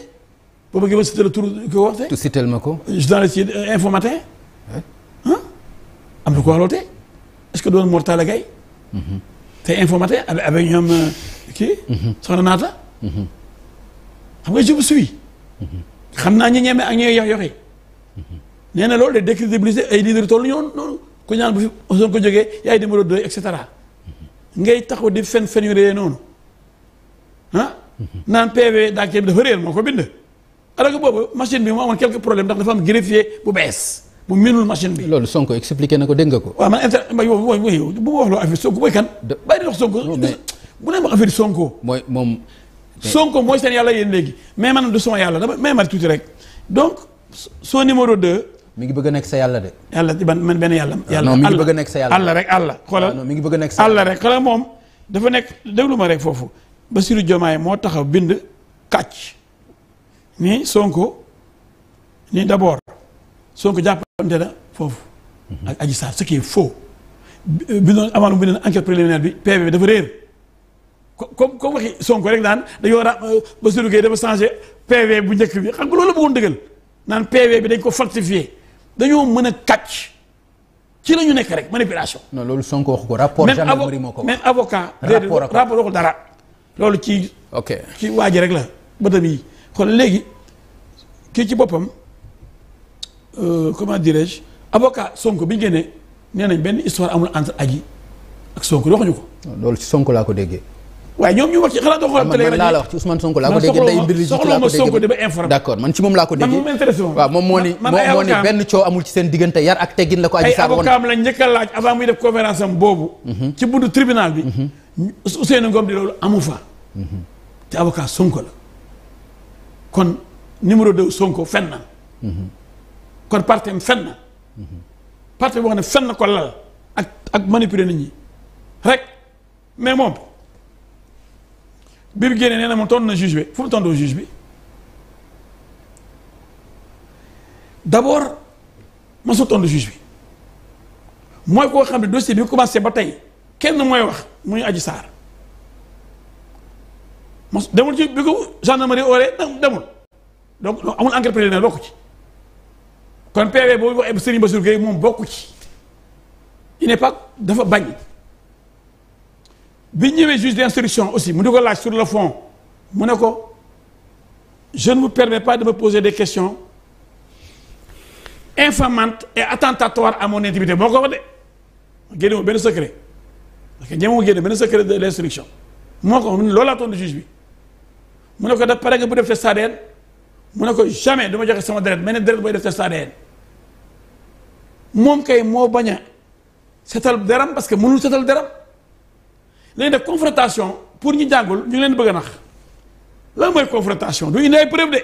boo bëggee ba cité la tur ko waxte ma ko journaliste yi euh, am na ko wax loolu te est que doon Mortala Gaye mm-hmm. te info matin avec ñoom euh, kii mm-hmm. soxna naata mm-hmm. xam nga je suis xam naa ñi ñeme ak ñooy yox yoxi nee na loolu de décrédibiliser ay leaders toll ñoon noonu ku ñaan bu fi Ousmane jógee yaay numéro 2 et cetera ngay taxaw di fen fen yu réyee noonu ah? naan PV daakee bi dafa réer moo ko bind alors que boobu machine bi moo amoon quelques problèmes ndax dafa am greffier bu bees bu loolu Sonko expliqué na ko dégg nga ko. waaw ma yow yow bu ma wax loo affaire Sonko mooy kan. bàyyi di wax Sonko. bu ne ma affaire Sonko. mooy moom. Sonko mooy seen yàlla yéen léegi mais man du sama yàlla dama may ma tuuti rek soo numéro de mi ngi bëgg a nekk sa yàlla de. yàlla ci ban man benn yàlla. yàlla non mi ngi bëgg a nekk sa yàlla àll rek àll. xoolal mi ngi bëgg a nekk moom. dafa nekk déglu ma rek foofu Bassirou Diomaye moo taxaw bind kàcc ni Sonko ni d'abord Sonko jàppante na foofu. Mhm. ak Adji Sarr ce qui est faux. bi noonu euh, avant mu bind enquête préliminaire bi PV bi dafa réer. comme comme waxi Sonko rek daan dañoo ra euh, Bassirou Gueye dafa changé PV bu njëkk bi xam nga loolu la bëggoon naan PV bi dañ ko falsifié dañoo mën a kàcc ci la ñu nekk rek manipulation. non loolu Sonko wax ko rapport gendarmerie moo ko wax même avocat. rapport ak rapport dara. loolu ci. ok ci waa ji rek la bëtam yi xool léegi kii ci boppam euh, comment dirais-je avocat Sonko bi ñu génnee nee nañ benn histoire amul entre Adji ak Sonko waxuñu ko. loolu ci Sonko laa ko déggee. waaye ñoom ñu wax ci xalaat doo xool télé man laa la wax ci Ousmane Sonko laa ko déggee day mbir soxla ma Sonko di ma informé d'accord man ci moom laa ko déggee waaw moom moo ni moo ni benn coow amul ci seen diggante yar ak teggin la ko aji saar woon ay avocat am lañ njëkk a laaj avant muy def conférence am boobu mhm. ci buntu tribunal bi mhm. Ousseynou Ngom di loolu amu fa mhm. te avocat Sonko la kon numéro deux Sonko fen na kon parti am fen na parti boo xam ne fen na ko lal ak ak manipuler nit ñi rek mais moom biir génne nee na ma na juge bi fu mu tontoo juge bi d'abord mësul tontu juge bi mooy koo xam ne dossier bi commencé ba tey kenn mooy wax muy Adji Sarr mos demul ci bi ko gendarmerie ooree demul donc amul enquête préliminaire bokku ci kon PV boobu wax Serigne Bassirou Gueye moom bokk ci il n'est pas dafa bañ. bi ñëwee juge d'instruction aussi mu di ko laaj sur le fond mu ne ko je ne vous permets pas de me poser des questions infamantes et attentatoires à mon intimité moo ko wax de génne wu benn secret parce que ñemewu génne benn secret de l'instruction moo ko loolu laa tontu juge bi mu ne ko daf pare nga bu def test ADN mu ne ko jamais du joxe sama deret mel ne deret booy def test ADN moom kay moo bañ setal deram parce que mënul setal deram léegi def confrontation pour ñu jàngul ñu leen bëgg a nax lan mooy confrontation du indi ay preuve de.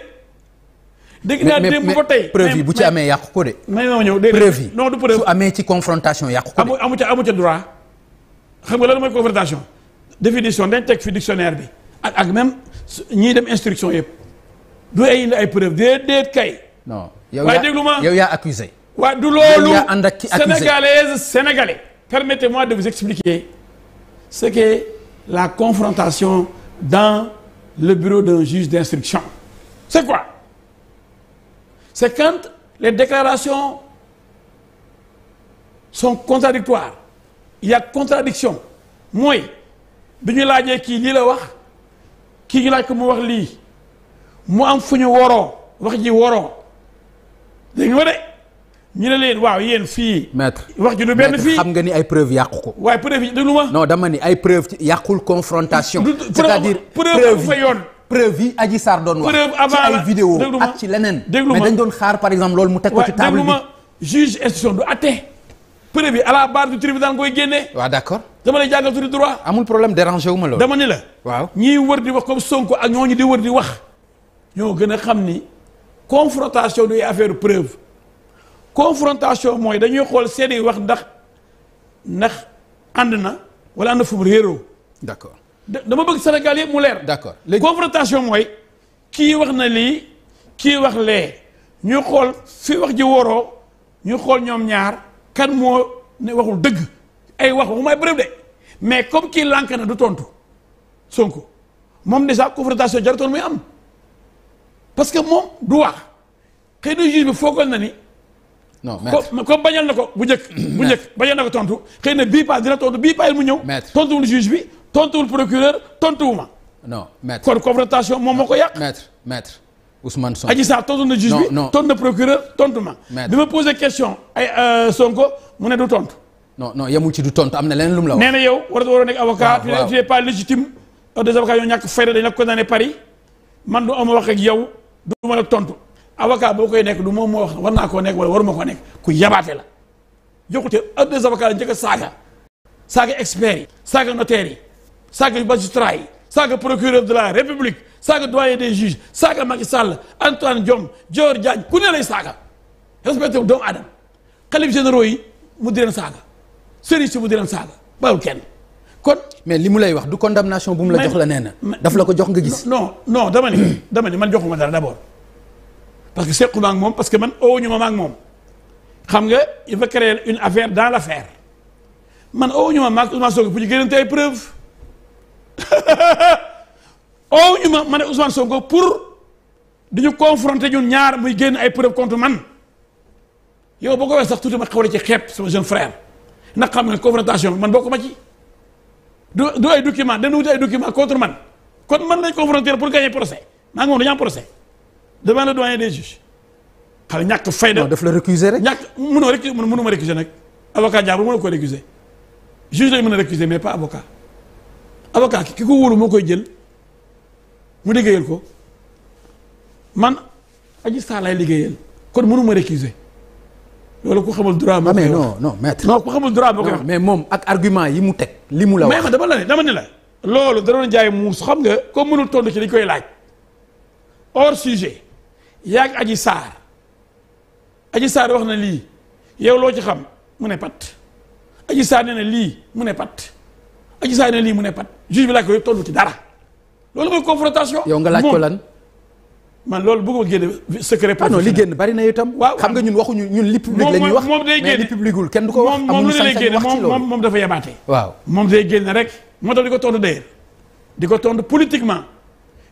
dégg naa démb ba tey preuve bu ci amee yàqu ko ma ñëw preuve yi non du preuve su amee ci confrontation yàqu ko de. amu amu ca amu ca droit xam nga lan mooy confrontation définition dañ teg fi bi ak ak même ñiy dem instruction yëpp du ay indi ay preuve déedéet kay. non yow déglu ma yow yaa accusé. waaw du loolu. yow yaa ànd ak ki accusé sénégalaise sénégalais. permettez-moi de vous expliquer. ce que la confrontation dans le bureau d'un juge d'instruction. C'est quoi? C'est quant les déclarations son contradictoires. Il y contradiction mooy bi ñu laajee kii lii la wax kii ñu laaj ko mu wax lii mu am fu ñu woroo wax ji woroo dégg nga de ñu ne leen waaw yéen fii. maître wax ji du benn fii xam nga ni ay preuve yàqu ko. waaye preuve yi déglu ma. non dama ni ay preuve yàqul confrontation. c'est-à-dire preuve fa yoon. yi Adji Sarr doon wax. preuve avant ci leneen. mais dañ doon xaar par exemple loolu mu teg ko ci table bi juge instruction du atte. preuve yi à la barre du tribunal koy génne. waaw d'accord dama lay jàngal tuuti droit. amul problème dérangé wu ma loolu. dama ni la. waaw ñiy wër di wax comme Sonko ak ñoo ñooñu di wër di wax. ñoo gën a xam ni confrontation du affaire preuve. confrontation mooy dañuy xool seede wax ndax ndax ànd na wala ànd fu mu réeroo. d' accord dama bëgg Sénégal yëpp mu leer. d' accord léegi confrontation mooy kii wax na lii kii wax lee ñu xool fi wax ji woroo ñuy xool ñoom ñaar kan moo ne waxul dëgg ay wax waxumaay bërëb de mais comme kii lànk na du tontu Sonko moom déjà confrontation jarutoon muy am parce que moom du wax xëy na juge bi foogal na ni. non maître comme bañal na ko bu njëkk. bu bañal na ko tontu xëy na bii paas dina tontu bii paas mu ñëw. maître tontuwul juge bi tontuwul procureur tontuwu ma. non kon confrontation moom moo ko yàq. maître maître Ousmane Sonko. Adji Sarr tontu na juge bi tontu ma. bi ma posé question ay euh, Sonko mu ne du tontu. non non yemul ci du tontu am na leneen lu mu la wax. nee na yow waratu waroo nekk avocat. waaw ah, waaw tu n'es pas légitime. des Paris man du am wax ak yow du ma la tontu. avocat boo koy nekk du moom moo wax war naa koo nekk wala waruma koo nekk ku yabaate la yokkute un des avocats la njëkk a saaga saaga experts yi saaga notaires yi saaga magistrat yi saaga procureur de la république saaga doyen des juges saaga Macky Antoine Diome Dior Diagne ku ne lay saaga respecté doomu aadama xalif généraux yi mu di saaga sëriñ si mu di saaga bawul kenn kon. mais li mu lay wax du condamnation bu mu la jox la nee na. daf la ko jox nga gis. parce que sequma ak moom parce que man owuñu ma maag moom xam nga il va créer une affaire dans la affaire man owuñu ma maag Ousmane Sonko pour ñu gënante ay preuve owuñu ma ma ne Ousmane Sonko pour duñu confronter ñun ñaar muy génn ay preuve contre man yow boo ko waxee sax tuuti ma xawle ci xeeb sama jeune frère ndax xam nga confrontation bi man bokk ma ci du du ay document dañu wuti ay document contre man kon man lañ confronter pour gagner procès maa ngi moom dañu am procès devant le des juges xale ñàkk fayda daf la récuser rek. ñàkk mënoo récuser mënuma récuser nag avocat jàmbur ko récuser juge lañ mën a mais pas avocat avocat ko wóolu moo koy jël mu liggéeyal ko man Adji Sarr lay liggéeyal kon mënuma récuser loolu ku xamul droit moo ah, koy wax non non maître mais moom ak argument yi mu teg li mu la wax dama la ne dama ne la loolu da doon jaay muus xam nga koo mënul tontu ci dañ koy laaj hors sujet yaag aji saar aji saar wax na lii yow loo ci xam mu ne pat aji saar nee na lii mu ne pat aji saar ne na lii mu ne pat juge bi laaj ko yëpp tollu ci dara loolu mooy confrontation. yow nga laaj ko lan. man loolu bëgguma génne secret. ah non li génn bari na itam. waaw xam nga ñun waxuñu ñun li public ñuy wax moom day génne mais kenn du ko wax. amul sañ-sañ wax ci loolu moom moom dafa yabaate. waaw moom day génne rek. moo tax di ko tontu d'ailleurs di ko tontu politiquement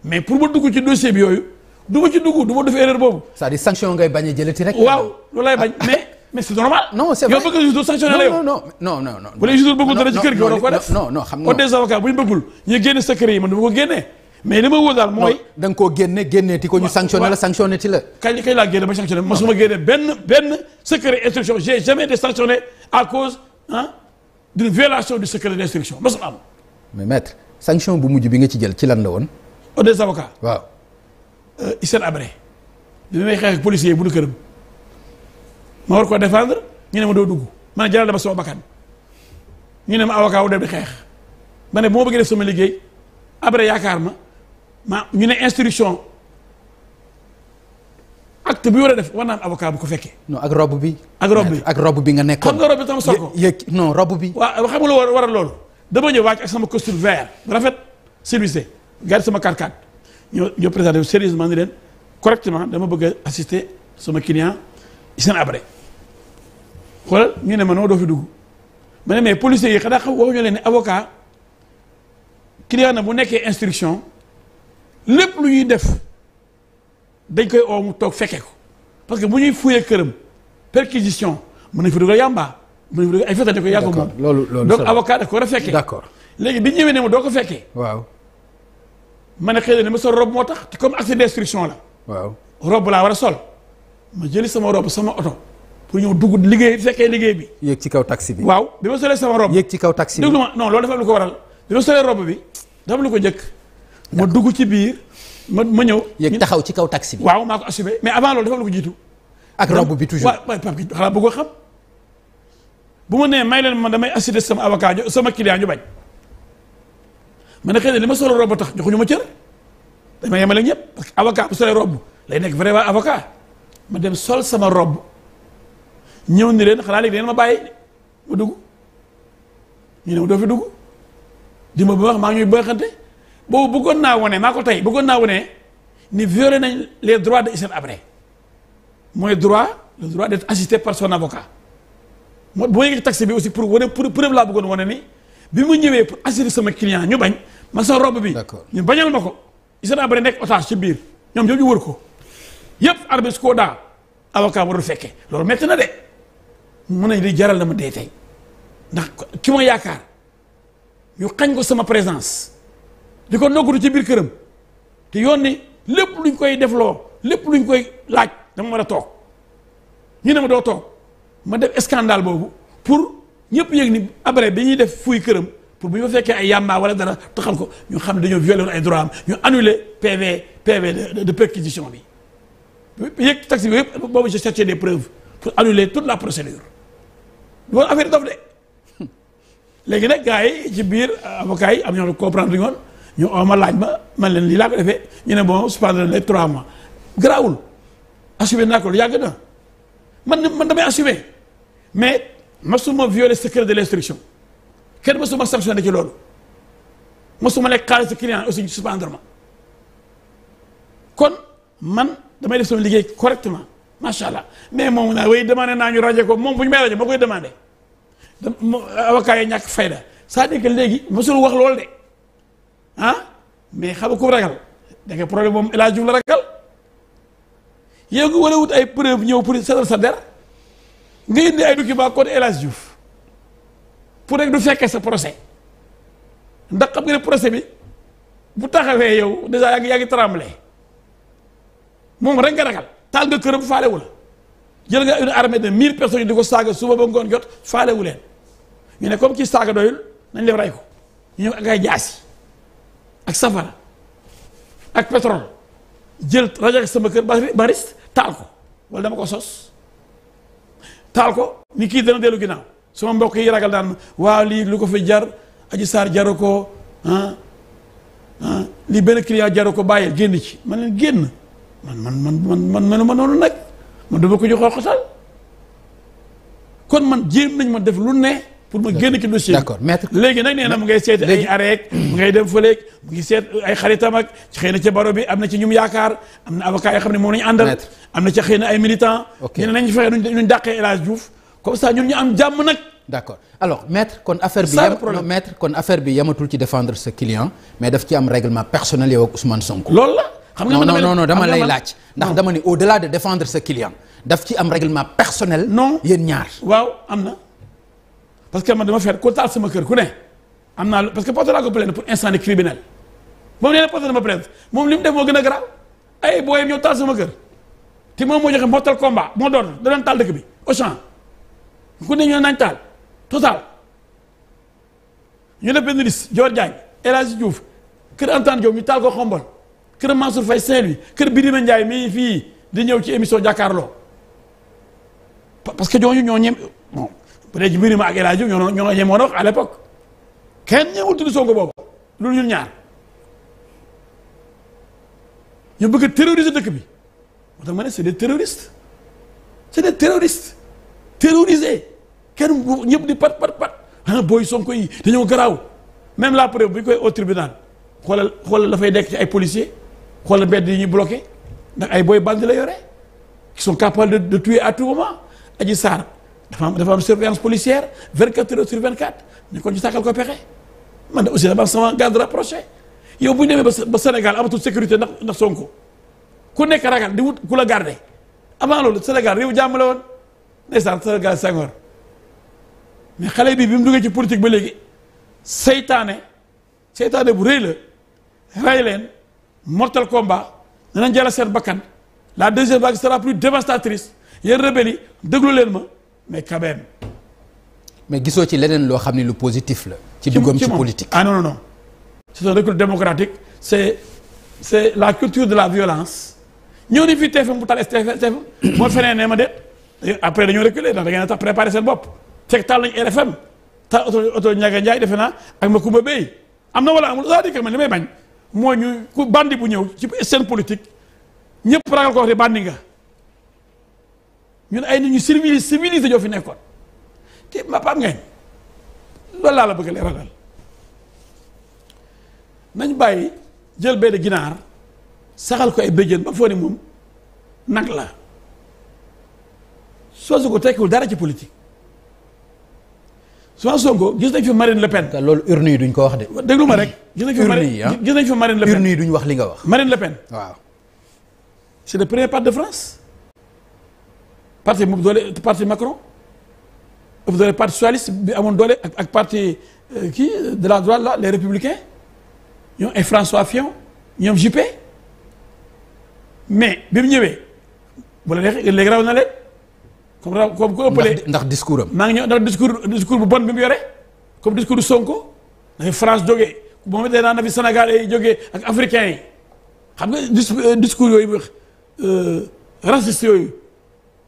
mais pour ma dugg ci dossier bi yooyu. du ma ci dugg du ma def erreur boobu. c'est-à-dire sanction ngay bañ a jëlati rek. waaw loolu lay bañ ah. mais mais c'est normal. non c'est vrai yow bëgg toujours sanctionné la yow. non non non non non. wala toujours bëggul dara ci kër gi war a ko def non non xam nga. des avocats bu ñu bëggul ñu génne sa kër yi man dama ko génnee. mais li ma wóor daal mooy. da nga koo génne génneeti ko ñu sanctionné la sanctionné ti la. kañ kañ laa génne ba sanctionné ma su ma génne benn benn secret instruction j'ai jamais été sanctionné à cause ah d'une violation du secret d'instruction ma su ma am. mais maître sanction bu mujj bi nga ci jël ci lan la woon. des avocats waaw. Euh, Hissène Habré bi may xeex ak policier bu nu këram ma war ko défendre ñu ne ma doo dugg ma ne jaral dama sama bakkan ñu ne ma avocat wu dem di xeex ma ne bu ma bëggee def sama liggéey abre yaakaar ma ma ñu ne instruction acte bi war a def war naa am avocat bu ko fekkee. non ak robe bi. ak robe bi ak robe bi nga nekkoon. xam nga robe bi tam sol ko non robe bi. waa xam war a loolu dama ñëw wàcc ak sama costume vert rafet service gàddu sama 4x4. ñoo ñoo présenté wu sérieusement ni leen correctement dama bëgg a assister sama client seen abré xoolal ñu ne ma noo doo fi dugg ma ne mais policiers yi xanaa xam waxuñu leen ne avocat client na bu nekkee instruction lépp lu ñuy def dañ koy oo mu toog fekke ko parce que bu ñuy fuyee këram perquisition mën nañ fa dugal yàmbaa mën nañ fa dugal ay fetal ne ko yaa ko avocat daf ko war a léegi bi ñëwee ne ma doo ko fekkee waaw ma ne xëy na ni ma sol robe moo tax te comme acte d'instruction la. waaw robe laa war a sol. ma jëli sama robe sama oto pour ñëw dugg liggéey fekkee liggéey bi. yéeg ci kaw taxi bi. waaw bi ma solee sama rob yéeg ci kaw taxi bi déglu ma non loolu dafa lu ko waral bi ma solee robe bi dafa lu ko njëkk. ma dugg ci biir ma ma ñëw. yéeg taxaw ci kaw taxi bi. waaw maa ko assumé mais avant loolu dafa lu ko jiitu. ak robe bi toujours waaw waaye Pape gi xanaa bëgg ko xam. bu ma nee may leen man damay assister sama avocat sama client ñu bañ. ma ne xëy na li ma solo robb tax joxuñu ma cër dañ ma yemale ñëpp parce que avocat bu solee robb lay nekk vraiment avocat ma dem sol sama robb ñëw ni leen xanaa léegi leen ma bàyyi ma dugg ñu ne ma doo fi dugg di ma ba wax maa ngi ñuy bëxante boobu bëggoon naa wane maa ko tey bëggoon naa wane ni violé nañ les droits de Hissène Habré mooy droit le droit d'être assisté par son avocat mooy bu ma yëgee taxi bi aussi pour wane pour preuve wane ni bi mu ñëwee pour assurer sama client ñu bañ ma sa robe bi ñu bañal ma ko Hissène Habré nekk otage ci biir ñoom ñoo ñu wër ko yëpp arbis koo daa avocat warul fekkee loolu metti na de mun nañ di jaral na ma dee tey ndax ki ma yaakaar ñu xañ ko sama présence di ko noggudu ci biir këram te yoon ni lépp luñ koy defloo lépp luñ koy laaj dama war a toog ñu ne ma doo toog ma def scandale boobu ñëpp yëg ni après bi ñuy def fuy këram pour bu ñu fekkee ay yàmbaa wala dara taxal ko ñu xam ne dañoo violé woon ay droit am ñu annulé PV PV de perquisition bi yëg taxi bi yëpp boobu j'ai cherché des preuves pour annuler tout la procédure loolu affaire dof de léegi nag gars yi ci biir euh, avocats yi am ñoo comprendre ñu woon ñu ooma laaj ma man leen lii laa ko defee ñu ne bon suspendre les trois mois garaawul assumé naa ko lu yàgg na man man damay assumé masuma violer secret de l'instruction kenn masuma sanctionné ci loolu masuma lekk xaalis sa client aussi suspendre ma kon man damay def sama liggéey correctement macha allah mais moom naa way demandé naa ñu rajo ko moom bu ñu may rajo ma koy demandé avocat yi ñàkk fayda saa à dire que léegi mosul wax loolu de ah mais xam nga ku ragal da nga problème moom El Hadj la ragal yow war a wut ay preuve ñëw pour seetal sa der nga indi ay document kon El Hadj Diouf pour rek du fekkee sa procès ndax xam nga ne procès bi bu taxawee yow dèjà yaa ngi yaa moom rek nga ragal taal nga këram faalewu la jël nga une armée de mille personnes di ko saaga suba ba ngoon jot faalewu leen ñu ne comme ci saaga doyul nañ leen rey ko ñu ñëw ak ay jaasi ak safara ak pétrole jël rajo sama kër ba barist taal ko wala dama ko sos taal ko ni kii dana dellu ginnaaw sama mbokk yi ragal daan waaw lii lu ko fi jar aji saar jaru ko ah ah lii benn client jaru ko bàyyi génn ci ma leen génn man man man man man manuma noonu nag man dama ko jox xoxatal kon man jéem nañ ma def lu ne pour ma génn ci dossier d'accord maître léegi nag nee na mu ngay seet ay areek mu ngay dem fëleeg mu ngi seet ay xaritam ak ci xëy na ca baro bi am na ci ñum yaakaar am na avocat yoo xam ne moom nañu àndal am na ca xëy na ay militant ñu ne nañ fexe nuñ dàqee El Hadj Diouf comme ça kon affaire bi yam yamatul ci défendre sa client mais daf ci am règlement personnel yow ak Ousmane Sonko loolu la xam nga non non non laaj ndax dama ni au delà de défendre sa client daf ci am règlement personnel non yéen ñaar waaw am na parce que ma dama feet ko taal sama kër ku ne am naa parce que porté naa ko plainte pour incendie criminel moom nee na porté na ma plainte moom li mu moo gën a garaaw ay booyam ñëw taal sama kër moom moo joxe mortal combat moo doon da taal dëkk bi au ku ne ñu nañ taal total ñu def benn liste Dior Diagne El Hadji Diouf kër Antoine Diop ñu taal ko xombol kër Mansour Faye Saint-Louis kër Birima Ndiaye mii fii di ñëw ci émission jàkkaarloo parce que ñooñu ñoo bu dee ci mbir ma ak El Hadj Diouf ñoo ñoo ñemoon wax à l'époque kenn ñëwul tudd Sonko boobu loolu ñun ñaar bëgg a dëkk bi moo tax ma ne c'est des terroristes c'est de terroristes terrorisés kenn ñëpp di pat pat pat ah booy Sonko yi dañoo garaaw même la preuve bi ñu koy au tribunal xoolal xoolal dafay nekk ci ay policiers xoolal mbedd yi ñuy bloqué ndax ay booy bandi la yore qui sont capables de de tuer à tout moment Adji dafa am dafa am policière 24 heures sur 24 ñu ko ñu ko pexe man de aussi dama sama garde rapproché yow bu ñu demee ba Sénégal amatul sécurité ndax ndax Sonko ku nekk ragal di wut ku la garde avant loolu Sénégal réew jàmm la woon ndeysaan Sénégal Senghor mais xale bi bi mu duggee ci politique ba léegi seytaane seytaane bu rëy la rey leen mortal combat danañ jëla seen bakkan la deuxième vague sera plus dévastatrice yéen rebelles yi déglu leen ma mais quand mais gisoo ci leneen loo xam ne lu positif la. ci duggam ci politique ah non non non. c'est un recul démocratique c'est la culture de la violence ñëw ni fii TFM bu taal TFM moo feneen ne ma de après dañoo reculer ndax da a tax préparer seen bopp fekk taal nañu RFM taal oto oto Ndiaga Ndiaye defe naa ak ma Kumba Bay am na wala amul c'est-à-dire man li may bañ moo ñu ku bandi bu ñëw ci seen politique ñëpp ragal ko wax de bandi nga. ñu ne ay nit ñu civilisé civilisé ñoo fi nekkoon te ma Pape Ngagne loolu laa la bëgg a leeralal nañ bàyyi jël benn ginaar saxal ko ay bëjjën ba foo ne moom nag la soosu ko tekkiwul dara ci politique Ousmane Sonko gis nañ fi Marine Le Pen. te loolu urne duñ ko wax de. déglu ma rek gis nañ fi Marine ah. gis nañ fi Marine Le Pen urne duñ wax li nga wax. Marine Le Pen waaw. c'est le premier parti de France. parti bu doole parti Macron ëpp doole parti bi amoon doole ak ak parti kii euh, de la droite la les républicains ñoom ay François Fillon ñoom JP mais bi mu ñëwee bu la neexee léegi raw na leen. comme raw comme ku ëppalee ndax discours am. maa ngi ñëw ndax discours discours bu bon bi mu yore comme discours du Sonko dafay France jógee moom it day naan na fi Sénégalais yi jógee ak africain yi xam nga euh, discours yooyu euh, raciste yooyu.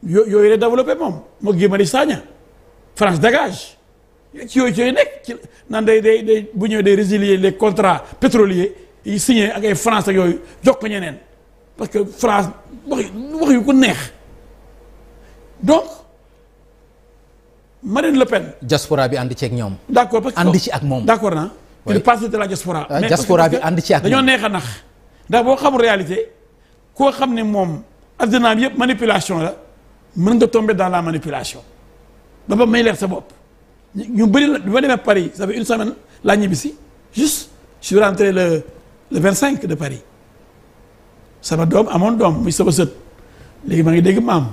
yo yooyu la développé moom moo Guy Marius Sagna France dégage ci yooyu cooy nekk ci nan day day day bu ñëwee day résilier les contrats pétrolier yi signé ak ay France ak yooyu jox ko ñeneen parce que France wax wax yu ko neex donc Marine Le Pen. diaspora bi ànd ci ak ñoom. d' accord parce ci ak moom d' accord naa. oui partie de la diaspora. Ah, mais diaspora bi ànd ci ak dañoo neex a nax ndax boo xam réalité koo xam ne moom addinaam yëpp manipulation la. mën nga tombe dans la manipulation ba ba may leer sa bopp ñu bëri la bi ma demee Paris une semaine laa ñibbisi juste je suis le le cinq de Paris sama doom amoon doom muy sama sët léegi maa ngi dégg maam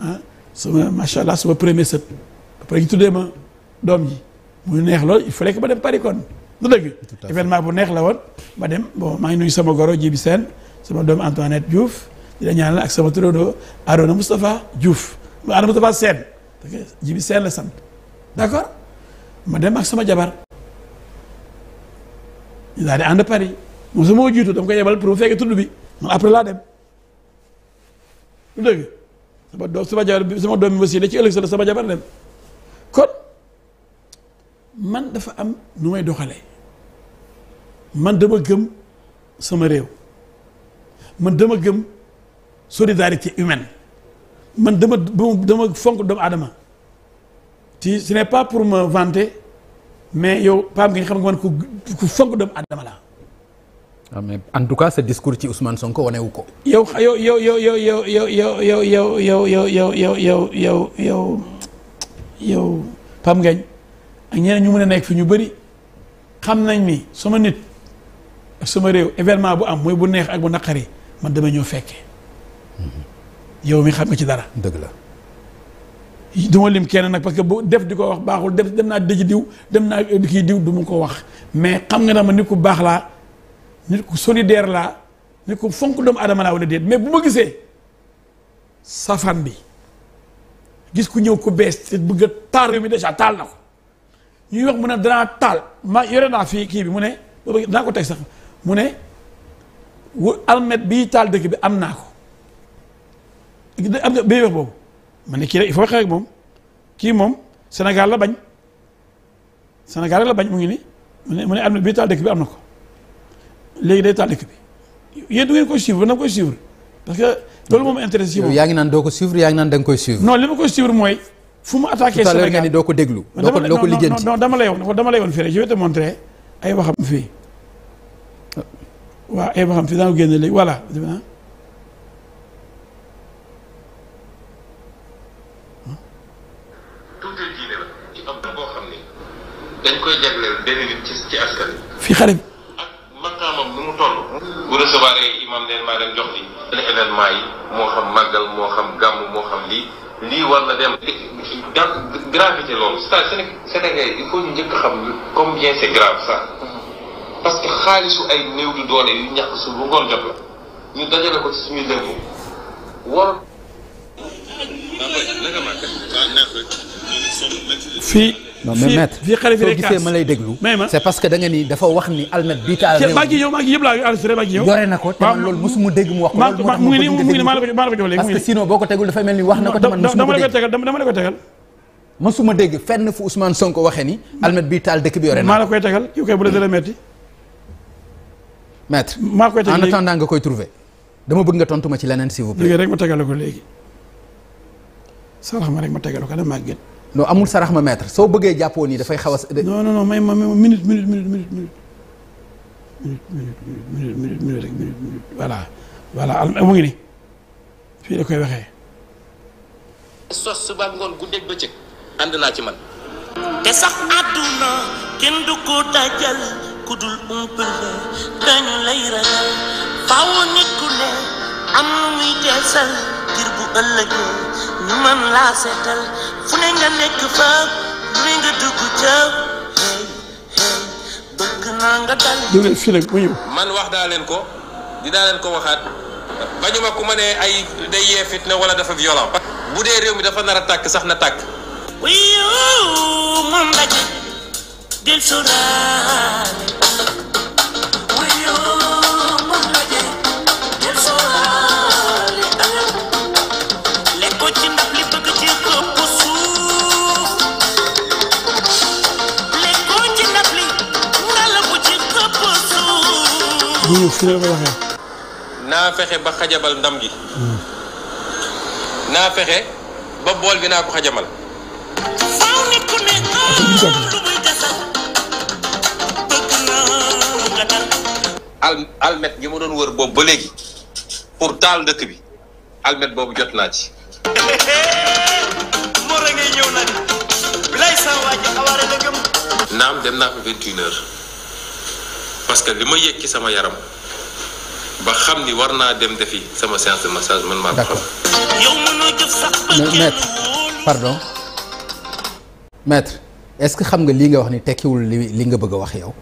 ah sama macha allah sama premier sët après ñu tuddee ma doom ji muy neex lool il fallait que ba dem Paris kon du dëgg. événement bu neex la woon ma dem bon maa ngi nuy sama goro ji bi seen sama doom Antoinette Diouf. di la ak sama turandoo Arona Moustapha Diouf ma Arona Moustapha Sène ji bi Sène la sant d'accord ma dem ak sama jabar ñu daal di ànd Paris moom su ma jiitu mu fekkee tudd bi man après laa dem lu dëgg sama doom doom bi aussi ci ëllëg sa sama jabar dem kon man dafa am nu may doxale man dama gëm sama réew man dama gëm solidarité humaine man dama dama fonk doomu adama ci ce n'est pas pour me vanter mais yow pam nga xam nga man ku ku fonk doomu aadama la waaw en tout cas ce discours ci Ousmane Sonko wane ko. yow yow yow yow yow yow yow yow yow yow yow yow yow yow yow yow yow Pape Ngagne ak ñu mën a nekk fi ñu bëri xam nañ ni sama nit ak sama réew événement bu am mooy bu neex ak bu naqari man dama ñëw fekkee. yow mi xam nga ci dara. dëgg la. du ma lim kenn nag parce que bu def di ko wax baaxul def dem naa dëj diw dem naa kii diw du ma ko wax mais xam nga dama nit ku baax laa nit ku solidaire laa nit ku fonk doomu aadama laa wala déet mais bu ma gisee safaan bi gis ku ñëw ku bees te bëgg a taal réew mi dèjà taal na ko ñuy wax mu ne danaa taal ma yore naa fii kii bi mu ne booba danaa ko teg sax mu ne wu almet bii taal dëkk bi am naa ko. am nga béy weex boobu ma ne kii rek il faut xeex moom kii moom Sénégal la bañ Sénégal rek la bañ mu ngi ni mu ne mu ne am na bii taal dëkk bi am na ko léegi day taal dëkk bi yéen du ngeen koy suivre na nga koy suivre que loolu moom intéressé si moom yaa ngi naan doo ko suivre yaa ngi naan ma koy suivre mooy fu mu attaqué Sénégal ni doo ko déglu doo ko doo ko lijjanti non dama lay wax dama lay woon fii rek je te montrer ay waxam fii ah. waaw ay waxam fii daana génne léegi voilà dañ koy jagleel benn nit ci ci askan fii xale bi ak maqaamam nu mu toll bu recevoir imam neen maa dem jox li benn événement yi moo xam màggal moo xam gàmm moo xam lii lii war na dem gaa gravité loolu c'est-à-dire il faut njëkk xam combien c'est grave sa parce que xaalisu ay néew du doole yu ñàkk su bu ngoon la ñu dajale ko ci suñuy lëngu war fii non mais maître fii xale fi soo gisee ma lay déglu. c'est parce que da nga ni dafa wax ni almet bii taal réew mi. maa ngi ñëw maa ngi yëpp laa enregistré maa ngi ñëw. yore na ko te man loolu mosuma dégg mu wax ko. loolu moo tax mu ngi na ko na koy tegal maa koy tegal en attendant nga koy trouver dama bëgg nga tontu ma leneen s'il vous plaît léegi rek ma tegal ko léegi salaamaaleykum ma tegal ko non amul sarax ma maître soo bëggee jàppoo nii dafay xaw a. non non non may ma minute minute minute minute minute minute minute minute minute minute voilà voilà ngi ni fii la koy waxee. sos suba ngoon guddeeg bëccëg ànd naa ci man. te sax àdduna kenn du ko dajal ku dul umpale dañu lay ragal faaw nit ku ne. am ñuy teesal ngir bu ëllëgee ñu mën laa seetal fu ne nga nekk fa fu ne nga dugg ca hey hey bëgg naa nga dal. di fii man wax daa leen ko dinaa leen ko waxaat bañu ku ma ne ay day yee na wala dafa violent. bu dee réew mi dafa nar a tàkk sax na tàkk. wiyoo moom la jël naa fexe ba xajabal ndam gi. naa fexe ba bool bi naa ko xajamal. Ah, al almet gi ma doon wër boobu ba léegi pour taal dëkk bi almet boobu jot naa ci. Naam dem naa ko vingt et une parce que li ma yëg ci sama yaram ba xam ni war naa dem defi sama séance de massage man maa ko xam. maître pardon maître est-ce que xam nga lii nga wax ni tekkiwul li li nga bëgg a wax yow.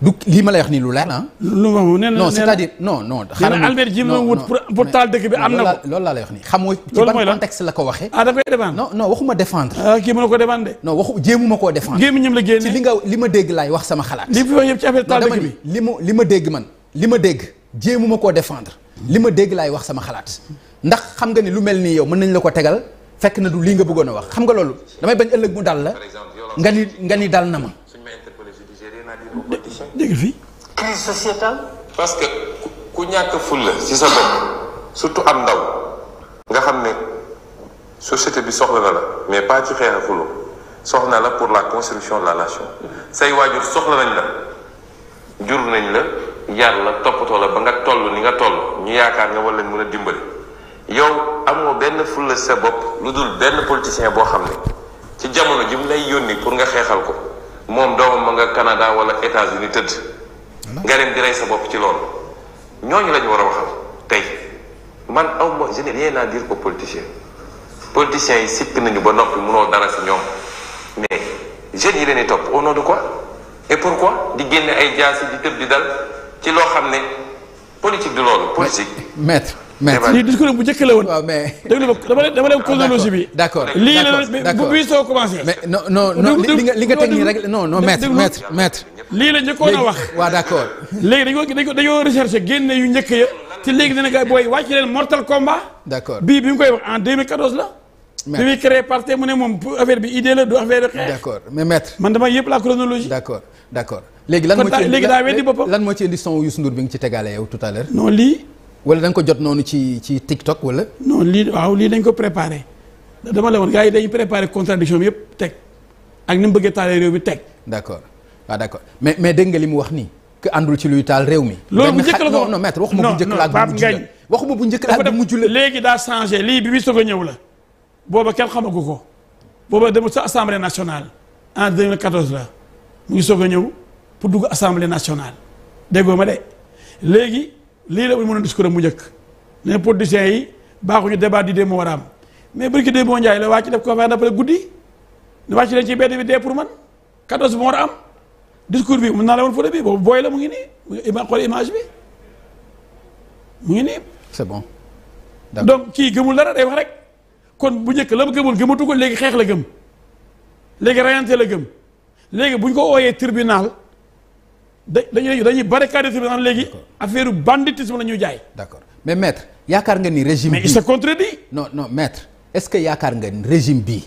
du lii ma lay wax nii lu leer ah. lu ma nee non c'est-à-dire non non. xaaral Albert Jim la wut pour taal dëkk bi am na ko. loolu laa lay wax nii xam nga ci ban contexte la ko waxee. ah da koy défendre non non waxuma défendre. Ah, kii mën na ko défendre. non waxu jéemuma koo défendre. jéem ñoom la génne ci li nga li ma dégg laay wax sama xalaat. li fi wax yëpp ci affaire taal dëkk bi li ma li ma dégg man li ma dégg jéemuma koo défendre. li ma dégg laay wax sama xalaat ndax xam nga ni lu mel nii yow mën nañ la ko tegal fekk na du lii nga bëggoon a wax xam nga loolu damay bañ ëllëg mu dal la nga ni nga ni dal na ma émission. dégg fi. crise sociétale. parce que ku ñàkk la ci sa bopp surtout am ndaw nga xam ne société bi soxla na la mais pas ci xeex xuloo soxna la pour la construction de la nation waajur soxla nañ la jur nañ la yar la toppatoo la ba nga toll ni nga toll ñu yaakaar nga war leen mën a dimbali yow amoo benn fulla sa bopp lu dul benn politicien boo xam ne ci jamono ji mu lay yónni pour nga xeexal ko moom doomam ma nga Canada wala États-Unis tëdd nga dem di rey sa bopp ci loolu ñooñu la ñu war a waxal tey man aw ma je n'ai rien à dire aux politiciens yi sikk nañu ba noppi mënoo dara si ñoom mais jeunes yi leen di topp au ko de pour et di génne ay jaasi di tëb di dal ci loo xam ne politique du loolu politique maître mais lii discours bu njëkk la woon. mais ma dama leen dama leen chronologie bi. d' lii la bu bii soo commencé. mais non non non li nga li nga teg nii rek non njëkkoon a wax. waaw d' léegi dañoo dañoo génne yu njëkk ya te léegi dina gars booy wàcc leen Mortal Kombat. d' bii bi mu koy wax en 2014 la. moom affaire bi idée la du affaire xeex. d' mais dama yëpp la chronologie. d' léegi lan moo ci indi boppam bi nga ci tegaale yow tout à l'heure lii wala da ko jot noonu ci ci TikTok wala. non lii waaw lii dañ ko préparé dama la woon gars yi dañuy préparé contradiction bi yëpp teg ak ni mu bëggee taalee réew mi teg. d' accord waaw ah, accord mais mais dégg nga li mu wax nii. que àndul ci luy taal réew mi. loolu bu njëkk la ko non maître waxuma bu njëkk la ak bu bu njëkk la ak bu mujj léegi daa changé lii bi muy soog a ñëw la. booba kenn xamagu ko ko booba demul sa assemblée nationale en 2014 la mu ngi soog a ñëw pour dugg assemblée nationale déggoo ma lii la bu ñu mënoon discours mu njëkk ne politiciens yi baaxuñu débat di dee moo war a am mais bërki dee moo njaay la waa ci def conférence d'après guddi ne wàcc leen ci bedd bi man 14 moo war a am discours bi mun naa la woon photo bi boobu booy la mu ngi nii ima xool image bi mu ngi nii. c'est bon. donc kii gëmul dara day wax rek kon bu njëkk la mu gëmoon gëmatu ko léegi xeex la gëm léegi rayante la gëm léegi bu ñu ko ooyee tribunal. da dañuy dañuy barricade si maanaam léegi affaire banditisme la ñuy jaay. d'accord mais maître yaakaar nga ni régime bi se contredit. non non maître est-ce que yaakaar nga ni régime bi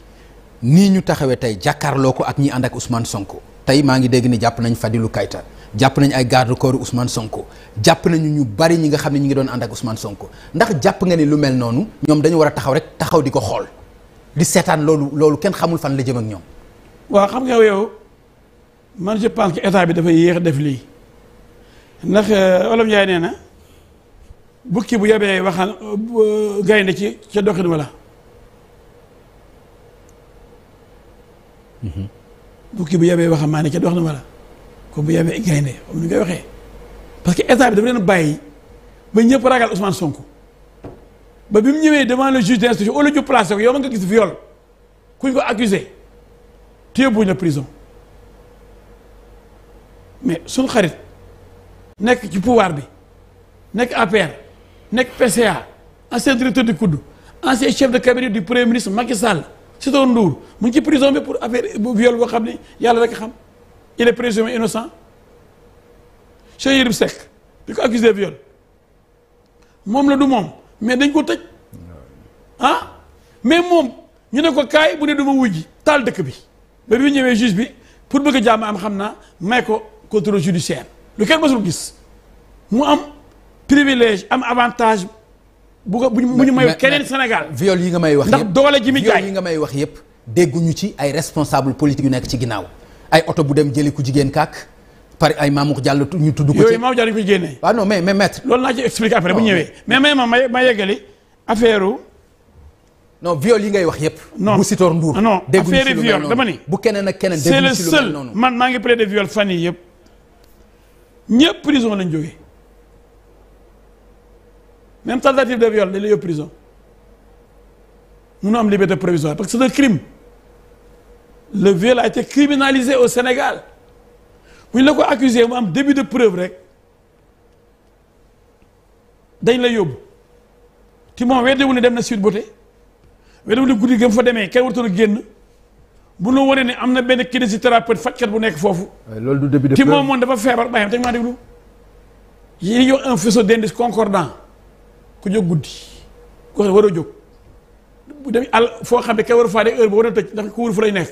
nii ñu taxawee tey jàkkaarloo ko ak ñii ànd ak Ousmane Sonko tey maa ngi dégg ni jàpp nañ Fadilou Keïta jàpp nañ ay garde corps Ousmane Sonko jàpp nañu ñu bari ñi nga xam ne ñu ngi doon ànd ak Ousmane Sonko ndax jàpp nga ni lu mel noonu. ñoom dañu war a taxaw rek taxaw di ko xool di seetaan loolu loolu kenn xamul fan la jëm ak ñoom. waaw xam nga yow. man je pense que état bi dafay yéex def lii ndax euh, olof Njaay nee na bukki bu yabee waxal euh, gaynde ci ca doxin wala mhm. bukki bu yabee waxal maa ne ca doxin wala ko bu yabee gaynde comme ni ngay waxee parce que état bi dafa leen bàyyi ba ñëpp ragal Ousmane sonk ba bi mu ñëwee devant le juge d'instruction au lieu de placer ko yow nga gis viol kuñ ko accusé téye buñ la prison mais suñ xarit nekk ci pouvoir bi nekk APR nekk PCA ancien directeur kuddu COUD ancien chef de cabinet du premier ministre Macky Sall Sitor Ndour mu ngi ci prison bi pour affaire viol boo xam ne yàlla rek xam il est présumé innocent Cheikh Yérim Seck bi ko accusé viol moom la du moom mais dañ ko tëj ah mais moom ñu ne ko kaay bu ne duma wujji taal dëkk bi ba bi ñëwee juge bi pour bëgg a jàmm am xam naa may ko contrôle judiciaire lu kenn mësul gis mu am privilège am avantage bu ko bu ñu mayu keneen Sénégal viol yi nga may wax yëpp ndax doole ji mi jaay viol yi nga may wax yëpp ñu ci ay responsable politique yu nekk ci ginnaaw ay oto bu dem jëli ku jigéen kàkk par ay Mamour Diallo ñu tudd ko ci yooyu ah mais mais mais ma ma yeggali affaire non viol yi ngay wax yëpp. non bu Sitor Ndour. dégguñu ci lu mel noonu non affaire viol dama ni. bu keneen ak keneen dégguñu yëpp. ñëpp prison lañ jógee même tentative de viol dañ la yóbbu prison mun am liberté provisoire parce que c'est un crime le viol a été criminalisé au Sénégal bu ñu la ko accusé mu am début de preuve rek dañ la yóbbu ti moom weddiwul ne dem na Sweet Beauté weddiwul ne guddi gëm fa demee kenn wartoon a génn bu loo wanee ne am na benn kinésithérapeute fajkat bu nekk foofu. loolu du début de ti moom moom dafa feebar bàyyi ma teg maa déglu. yéen yow un faisceau d'indices concordant ku jóg guddi ku war a jóg bu dem àll foo xam ne kay war a faa de heure boo war a tëj ndax ku wër lay nekk.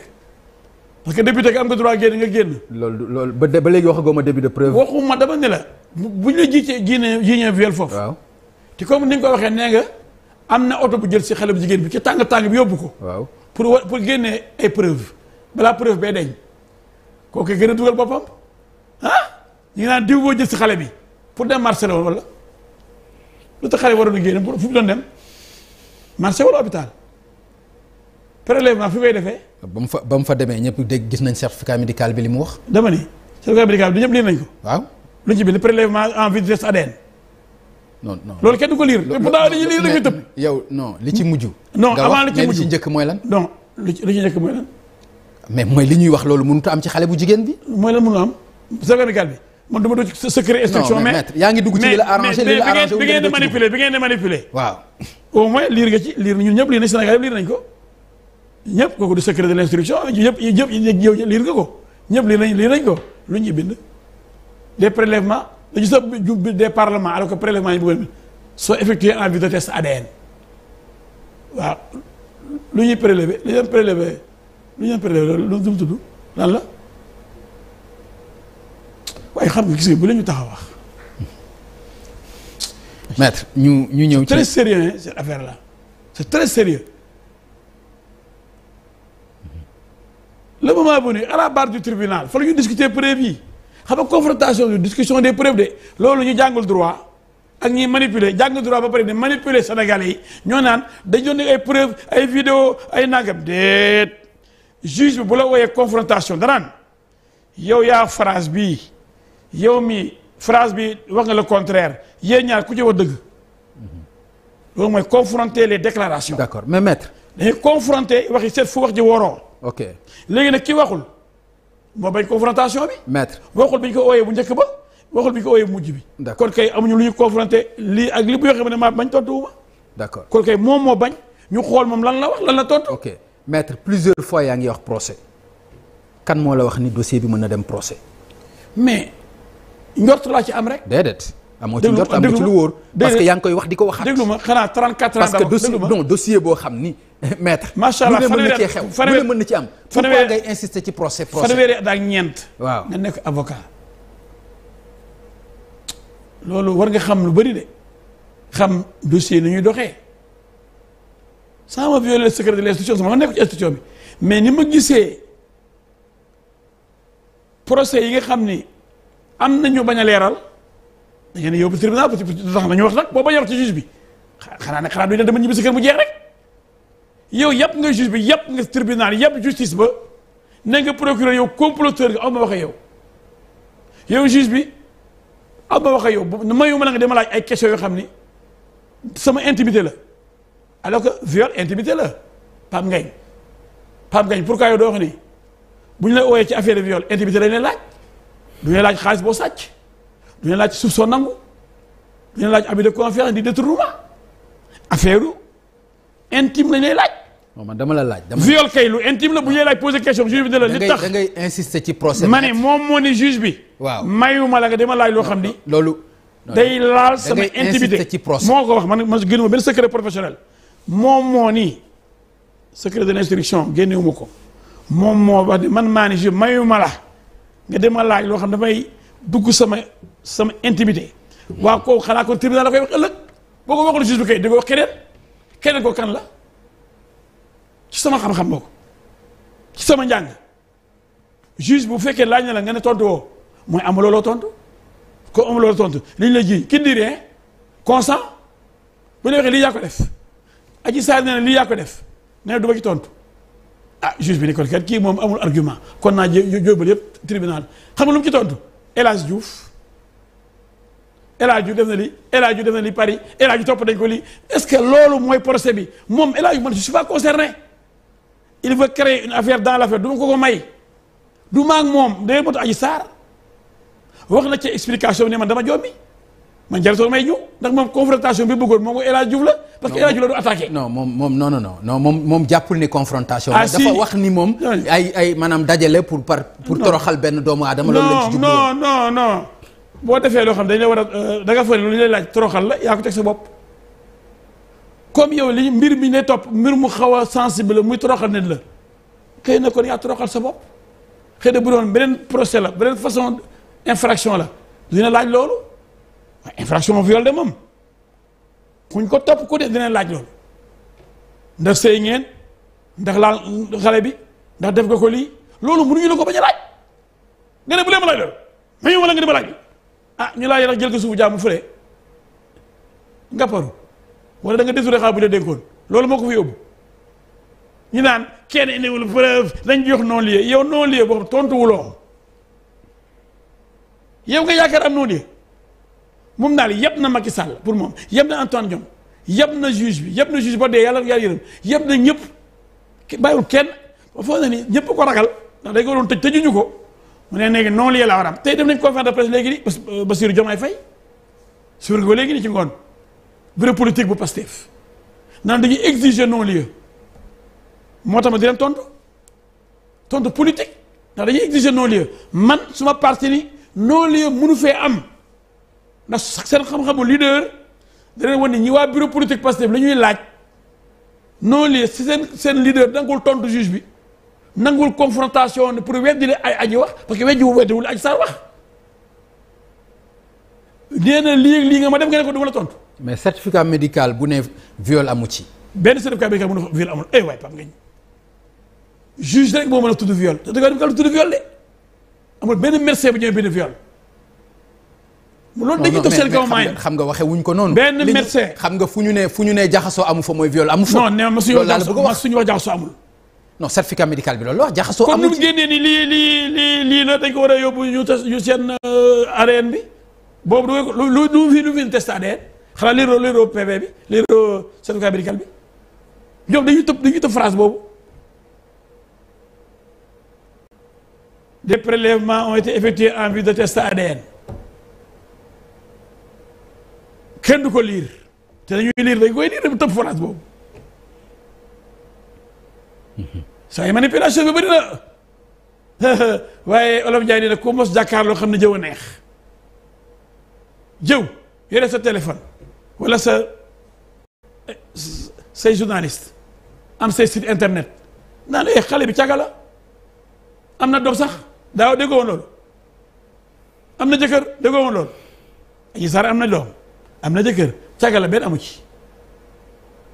parce que député am nga nga génn. loolu loolu ba ba léegi waxagoo ma début de preuve. waxuma dama la buñ la jiitee jiinee jiinee viol foofu. waaw te comme ni nga ko waxee nee nga am na oto bu jël si xale bu jigéen bi ci tàng tàng bi yóbbu ko. waaw. pour wa pour génnee ay preuve balaa preuve bee deñ kooku gën a dugal boppam ah ñu ngi naan diw boo jël si xale bi pour dem marché la woon lu tax xale waroon a génn fu mu doon dem marché wala hôpital prélèvement fi may defee. ba mu fa ba mu fa demee ñëpp dégg gis nañ certificat médical bi li mu wax. dama ni certificat médical bi du ñëpp lii nañ ko. waaw lu ñu ci bind prélèvement en vitesse ADN. non non loolu kenn du ko liir. pourtant dañuy liir dañuy tëb. yow non li ci mujj. non avant li ci mujj li ci njëkk mooy lan. non li ci njëkk mooy lan. mais mooy li ñuy wax loolu mënut a am ci xale bu jigéen bi. mooy lan mënut a am secret médical bi man dama doon ci secret instruction. mais yaa ngi dugg ci li la arrangé li la arrangé bi ngeen di liir ci liir ñun ñëpp liir nañ Sénégal yëpp liir nañ ko. ñëpp kooku du secret de l' instruction ñëpp ñëpp yow liir nga ko ñëpp liir nañ liir nañ ko lu ñuy bind des prélèvements dañu sa jub bi des parlements alors que prélèvement yi soo effectué en vue de test ADN waaw lu ñuy prélevé lu ñuy prélevé lu lu mu tudd lan la waaye xam nga gis nga bu la ñu tax wax. maître ñu ñëw ci. très sérieux hein cette affaire la c' est très sérieux le moment venu à la barre du tribunal fa la ñu discuter prévu. xam nga confrontation de discussion des preuves de loolu ñu jàngul droit ak ñuy manipuler jàng droit ba pare de manipuler sénégalais yi ñoo naan dañ doon ay preuve ay vidéo ay nangam déet juge bi bu la wooyee confrontation danaan yow yaa phrase bii yow mi phrase bi wax nga le contraire yéen ñaar ku ci wax dëgg loolu mooy confronter les déclarations. d'accord mais maître. dañuy confronter waxi seet fu wax ji woroo. léegi nag ki waxul. moo bañ confrontation bi. mètre waxul bi ñu ko ooyee bu njëkk ba waxul bi ñu ko ooyee bu mujj bi. d'accord kon kay amuñu lu ñu confronté lii ak li bu yoo xam ne maa bañ tontu wu ma. d'accord kon kay moom moo bañ ñu xool moom lan la wax lan la tontu. ok maître plusieurs fois yaa ngi wax procès kan moo la wax ni dossier bi mën na dem procès. mais njort laa ci am rek. déedéet. amoo ci njort amoo ci yaa ngi koy wax di ko waxaat déglu ma xanaa 34 ans parce que boo xam ni maître macha allah lu ne mën na ci am pourquoi ngay insister ci procès procès fanweeri at ak ñeent waaw nga nekk avocat loolu war nga xam lu bari de xam dossier ni ñuy doxee sama violé secret de l'institution sama ma nekk ci institution bi mais ni ma gisee procès yi nga xam ni am nañu bañ a leeral da ngeen yóbbu tribunal parce que tax nañu wax nag boo bañ a wax ci juge bi xanaa nag xanaa duñ leen dama ñibbi si kër mu jeex rek yow yàpp nga juge bi yàpp nga tribunal yàpp justice ba na nga procureur yow comploteur nga aw ma wax yow yow juge bi aw ma wax yow bu mayuma la nga dama laaj ay questions yoo xam ni sama intimité la alors que viol intimité la Pape Ngagne Pape Ngagne pourquoi yow doo wax ni bu ñu la ooyee ci affaire de viol intimité lañ lay laaj du ñu laaj xaalis boo sàcc. du ñu laaj suuf soo nangu du laaj abus de confiance di détournement affaire intime lañ lay laaj. non man dama la laaj. dama viol kay lu intime la bu ñuy laaj poser question juge bi ne la. li tax da ngay insister ci moom moo ne juge bi. waaw mayuma la nga dama laaj loo xam ni. loolu day laal sama intimité ci procès moo ko wax man man ma benn secret professionnel. moom moo ni secret de l'instruction génnewuma ko moom moo wax man maa ni juge mayuma la nga dama laaj loo xam dafay dugg sama sama intimité waaw kooku xanaa ko tribunal la ko wax ëllëg boo ko waxul juge bi kay di ko wax keneen keneen ko kan la ci sama xam-xam moo ko ci sama njàng juge bu fekkee laaj na la nga ne tontu woo mooy amuloo loo tontu ko amuloo loo tontu liñ la ji ki diree constant bu ñu waxee lii yaa ko def aji saar nee na lii yaa ko def nee na du ma ci tontu ah juge bi ne kon kat kii moom amul argument kon naa jé jóobal yëpp tribunal xam nga lu ci tontu El Hadj El Hadj def na lii El Hadj def na lii Paris El topp nañ ko lii est que loolu mooy procès bi moom El Hadj man je suis pas concerné il veut créer une affaire dans l'affaire du ma ko may du maag moom da ngeen bëgg wax na ci explication bi ne man dama jommi man jaratoon may ñu ndax moom confrontation bi bëggoon moom El parce que El Hadj Diouf la du attaqué. non moom moom non non jàppul ni confrontation. ah dafa wax ni moom. ay ay maanaam dajale pour par pour toroxal benn doomu aadama. loolu lañ ci jublu boo defee loo xam dañ la war a euh, da nga foog ne lu ñu lay laaj toroxal la yaa ko sa bopp yow li mbir mi ne topp mbir mu xaw a sensible muy toroxal nit la xëy na kon yaa toroxal sa bopp xëy na bu beneen procès la beneen façon infraction la dina laaj loolu infraction viol de moom kuñ ko topp ku laaj loolu ndax sëy ngeen ndax laal xale bi ndax def nga ko lii loolu mënuñu la ko bañ a laaj nga ne bu leen ma laaj loolu mais yow wala nga di ma laaj ah ñu laa yéex jël ko suufu jaamu fële nga paru wala da nga détourné bu ñu la dénkoon loolu moo ko fi yóbbu ñu naan kenn indiwul preuve dañ jox non lieu yow non lieu boo tontuwuloo yow nga yaakaar am non lieu moom daal yëpp na Macky Sall pour moom yëpp na Antoine na juge bi yëpp na juge ba dee yàlla yàlla yërëm yëpp na ñëpp bàyyiwul kenn foo na ni ñëpp ko ragal ndax dañ ko doon tëj tëjuñu ko. mu ne léegi non lié la war a am tey dem nañ conférence de presse léegi nii Bassirou Diomaye Faye suur ko léegi nii ci ngoon bureau politique bu Pastef naan dañuy exiger non lieu moo tax ma di leen tontu tontu politique ndax dañuy exiger non lieu man suma parti ni non lieu mënu fee am ndax seen xam-xamu leader da leen wan ni ñi waa bureau politique Pastef la ñuy laaj non lieu si seen seen leader dangul tontu juge bi nangul confrontation pour weddi la ay aji wax parce que weddi wu weddiwul aji saar wax nee lii lii nga ma def nga ne ko du la tontu. mais certificat médical bu nee viol ci. benn certificat médical bu ne viol amul eh ay rek moo mën a tudd viol certificat médical du tudd viol de amul benn médecin bu ñëwee benn viol. loolu dañuy toog seen kaw maay xam nga waxe wuñ ko noonu. benn médecin xam nga fu ñu nee fu ñu nee jaxasoo amu fa mooy viol amu fa. non nee ma suñu wax jaxasoo amul. non certificat médical bi loolu la wax jaxasoo. am ni mu génnee ni lii lii la dañ ko war a yóbbu ñu test ñu seen euh, ADN bi boobu du lu lu fi lu fi test ADN xanaa lii roo lii roo PV bi lii roo certificat médical bi ñoom dañuy tëb dañuy tëb phrase boobu. des prélèvements ont été effectués en vue de test ADN kenn du ko liir te dañuy liir dañ koy liir tëb phrase boobu. Mhm. saa yi manipulation bi bëri na waaye olof Njaay nee na ko mos jàkkaar loo xam ne jëw a neex jëw yore sa téléphone walla sa say journaliste am say site internet naan eh xale bi caga am na doom sax daaw déggoo woon loolu am na jëkkër déggoo woon loolu am na doom am na jëkkër caga benn amu ci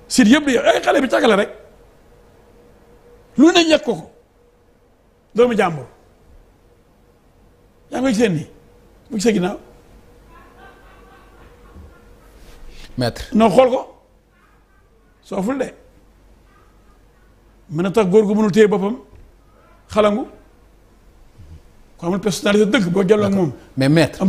sit yëpp di yow eh xale bi caga rek lu ne yëg ko ko doomu jàmbur yaa ngi seen ni mu gisee ginnaaw maître non xool ko sooful de mën a tax góor gu mënul téye boppam xalangu ko amul personnalité dëgg boo jëloon moom mais maître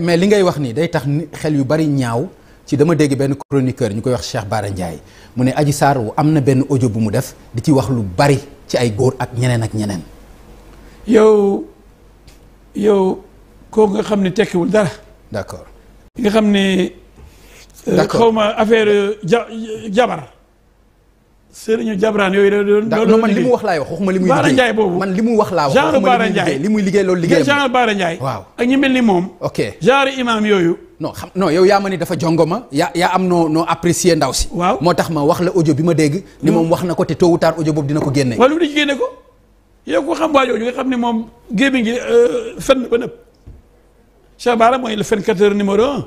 mais li ngay wax nii day tax xel yu bari ñaaw ci dama dégg benn chroniqueur ñu koy wax Cheikh Bara Ndiaye mu ne Adji Sarr am na benn audio bu mu def di ci wax lu bari ci ay góor ak ñeneen ak ñeneen. yow yow kooku nga xam ne tekkiwul dara. d'accord nga xam ne. Euh, d'accord xaw ma affaire euh, ja jabar. sëriñu jabaraan yooyu da doon loolu man li mu wax laay wax waxuma li muy liggéey Bara Ndiaye boobu man li mu wax laa wax genre li muy liggéey loolu liggéey genre Bara Ndiaye waaw ak ñu mel ni moom ok genre imaam yooyu no xam non yow yaa ma ni dafa jongo ma yaa yaa am noo noo apprécier ndaw si. waaw moo tax ma wax la ojo bi ma dégg. ni moom wax na ko te tôt ou tard audio boobu dina ko génne. waaw lu mu génne ko yow ko xam waa jooju nga xam ne moom gémmiñ gi euh, fenn ba nëpp Cheikh mooy le fenkateur numéro un.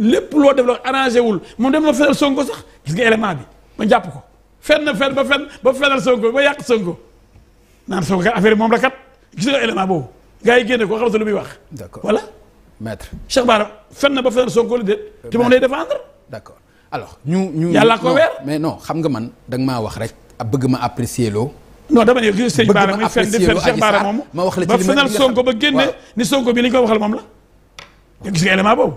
lépp loo def la arrangé wul moom dem na fenal Sonko sax gis nga élément bi jàpp ko fen na fen ba fen ba ba yàq Sonko naan Sonko kat affaire moom la kat gis boobu gars yi génne ko xamante lu muy wax. d'accord voilà. maître Cheikh Bara fen na ba fenal Sonko li déet. te moom lay défendre. alors ñu ñu. yàlla ko mais non xam nga man da nga maa wax rek bëgg ma apprécier loo. non dama ne gis sëñ fen wax la ci li ba fenal Sonko ba génne ni Sonko bi li ñu ko waxal moom la. gis nga élément boobu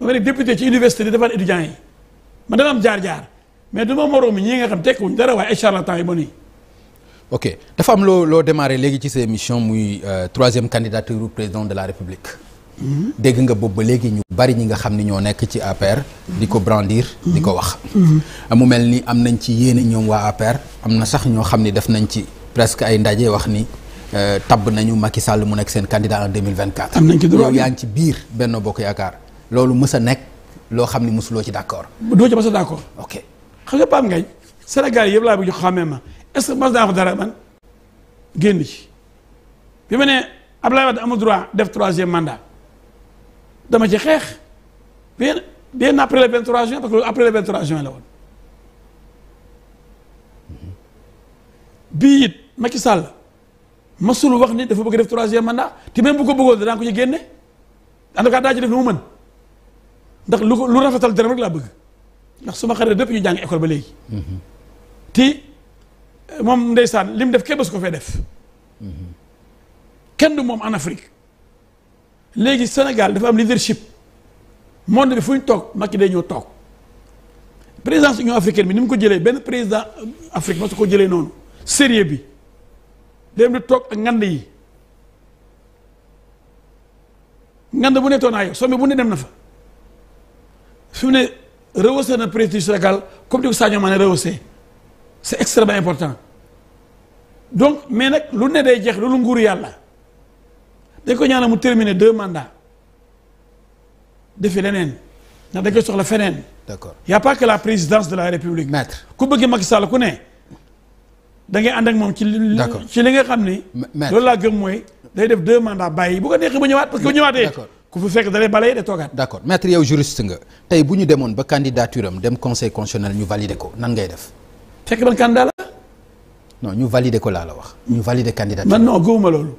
ma ne député ci université di defar étudiants yi man dama am jaar-jaar mais du ma moroom ñi nga xam tekkuñ dara waaye ay charlatan yi bon yi. ok dafa am loo loo démarré léegi ci sa émission muy euh, troisième candidature du président de la république. Mm-hmm. dégg nga boobu ba léegi ñu bari ñi nga xam ni ñoo nekk ci APR. di ko brandir. di ko wax. Mm-hmm. mu mel ni am nañ ci yéene ñoom waa APR am na sax ñoo xam ni def nañ ci presque ay ndaje wax ni euh, tabb nañu Macky Sall mu nekk seen candidat en 2024. am nañ ci droit yow yaa ngi ci biir Benno Bokk Yaakaar. loolu mësa nekk loo xam ni mësuloo ci d' accord. doo ci mës a d' accord. ok xam nga am Ngagne Sénégal yëpp laa bëgg ñu xàmmee ma est ce que mas naa ko dara man génn ci bi ma ne Abdoulaye Wade amul droit def troisième mandat dama ci xeex bien bien après le 23 juin parce après le 23 juin la woon bii it Macky wax ni dafa bëgg def troisième mandat te même bu ko bëggoon danaa ko ci génne en tout cas ci def lu mu mën. ndax lu ko lu rafetal dërëm rek laa bëgg ndax su ma xaree dëpp ñu jàng école ba léegi. ti moom ndeysaan li mu def kenn bës ko fee def. kenn du moom en Afrique. léegi Sénégal dafa am leadership. monde bi fu ñu toog ki day ñëw toog. président présidence Union africaine bi ni mu ko jëlee benn président Afrique ma su ko jëlee noonu. sérieux bi. dem di toog ak ngand yi. ngande bu ne toon naa yow sommet bu ne dem na fa. fi mu ne rehausser na prestige Sénégal comme ni ko Sadio Mané rehausser c'est extrêmement important donc mais nag lu ne day jeex loolu nguuru yàlla dañ ko ñaanal mu terminer deux mandats defi leneen ndax dañ koy soxla feneen. d'accord y a pas que la présidence de la République. maître ku bëgg Macky Sall ku ne da ngay ànd ak moom. ci li ci li nga xam ni. loolu laa gëm mooy day def deux mandats bàyyi bu ko neexee bu ñëwaat parce que bu ñëwaatee. ku fi fekk dalay balay de toogaat. d' accord maître yow nga tey bu ñu demoon ba candidature am dem conseil constitutionnel ñu valider ko nan ngay def. fekk man candidat la. non ñu valider ko laa la wax. ñu valider candidature man non gëwuma loolu.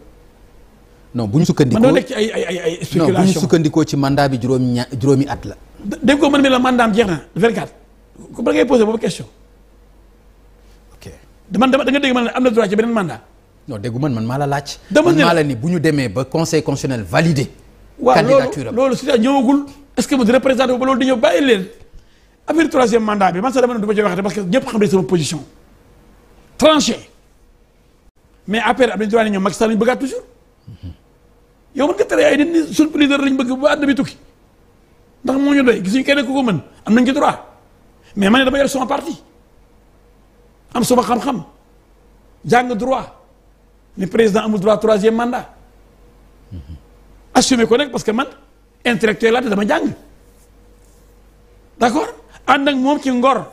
non bu ñu sukkandikoo man doo nekk ci ay ay ay spéculation non bu ñu sukkandikoo ci mandat bi juróomi ña juróomi at la. dégg ko man mi la mandat am jeex na 24. ku ba ngay posé boobu question. ok man dama da nga dégg man am na droit ci beneen mandat. non déggu man man maa la laaj. dama ne maa la ni bu ñu demee ba conseil constitutionnel validé. candidature am waaw loolu loolu si ñëwagul est que mu di représenté ba loolu di ñëw bàyyi leen affaire troisième mandat bi man sax dama ne du ma ci waxate parce que ñëpp xam nañ sama position mais après am nañu ne ñoom Macky Sall lañu bëggaat toujours yow mën nga tere ay nit ñi suñu leader lañ bëgg ba àdduna bi tukki ndax moo ñu doy gisuñu kenn ku ko mën am nañ ci droit mais ma ne dama yor sama parti am sama xam-xam jàng droit ni président amul droit troisième mandat. assumer ko nag parce que man intellectuel laa te dama jàng d'accord ànd ak moom ki ngor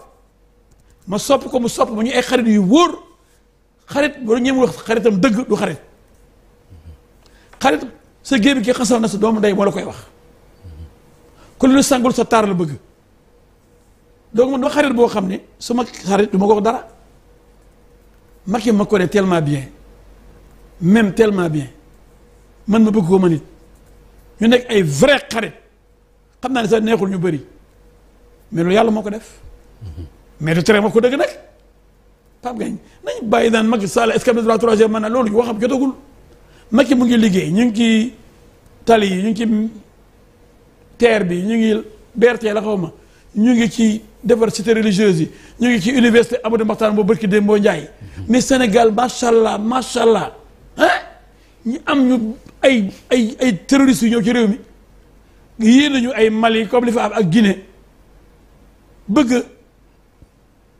ma sopp ko mu sopp ma ñu ay xarit yu wóor xarit boo ñëwee wax xaritam dëgg du xarit xarit sa gémmiñ gi xasal na sa doomu koy wax ku lu sangul sa taar la bëgg donc man dama xarit boo xam ne sama xarit du ma ko wax dara Macky ma connaît tellement bien même tellement bien man ma bëgg ko ma ñu nekk ay vrai xarit xam naa ne sax neexul ñu bëri mais loolu yàlla moo ko def mais du tere ma ko dëgg nag Pape Ngagne nañ bàyyi naan Macky Sall est-ce que am na troisième man loolu waxam jotagul ki mu ngi liggéey ñu ngi ci tali yi ñu ngi ci terre bi ñu ngi bertee la xawma ñu ngi ci defar cité religieuse yi ñu ngi ci université Amadou Mahtar Mbow barki Dembo Ndiaye mhm. mais Sénégal macha allah macha allah ñu am ñu ay ay ay terroristes yu ñëw ci réew mi yéen nañu ay Mali comme li fi am ak Guinée bëgg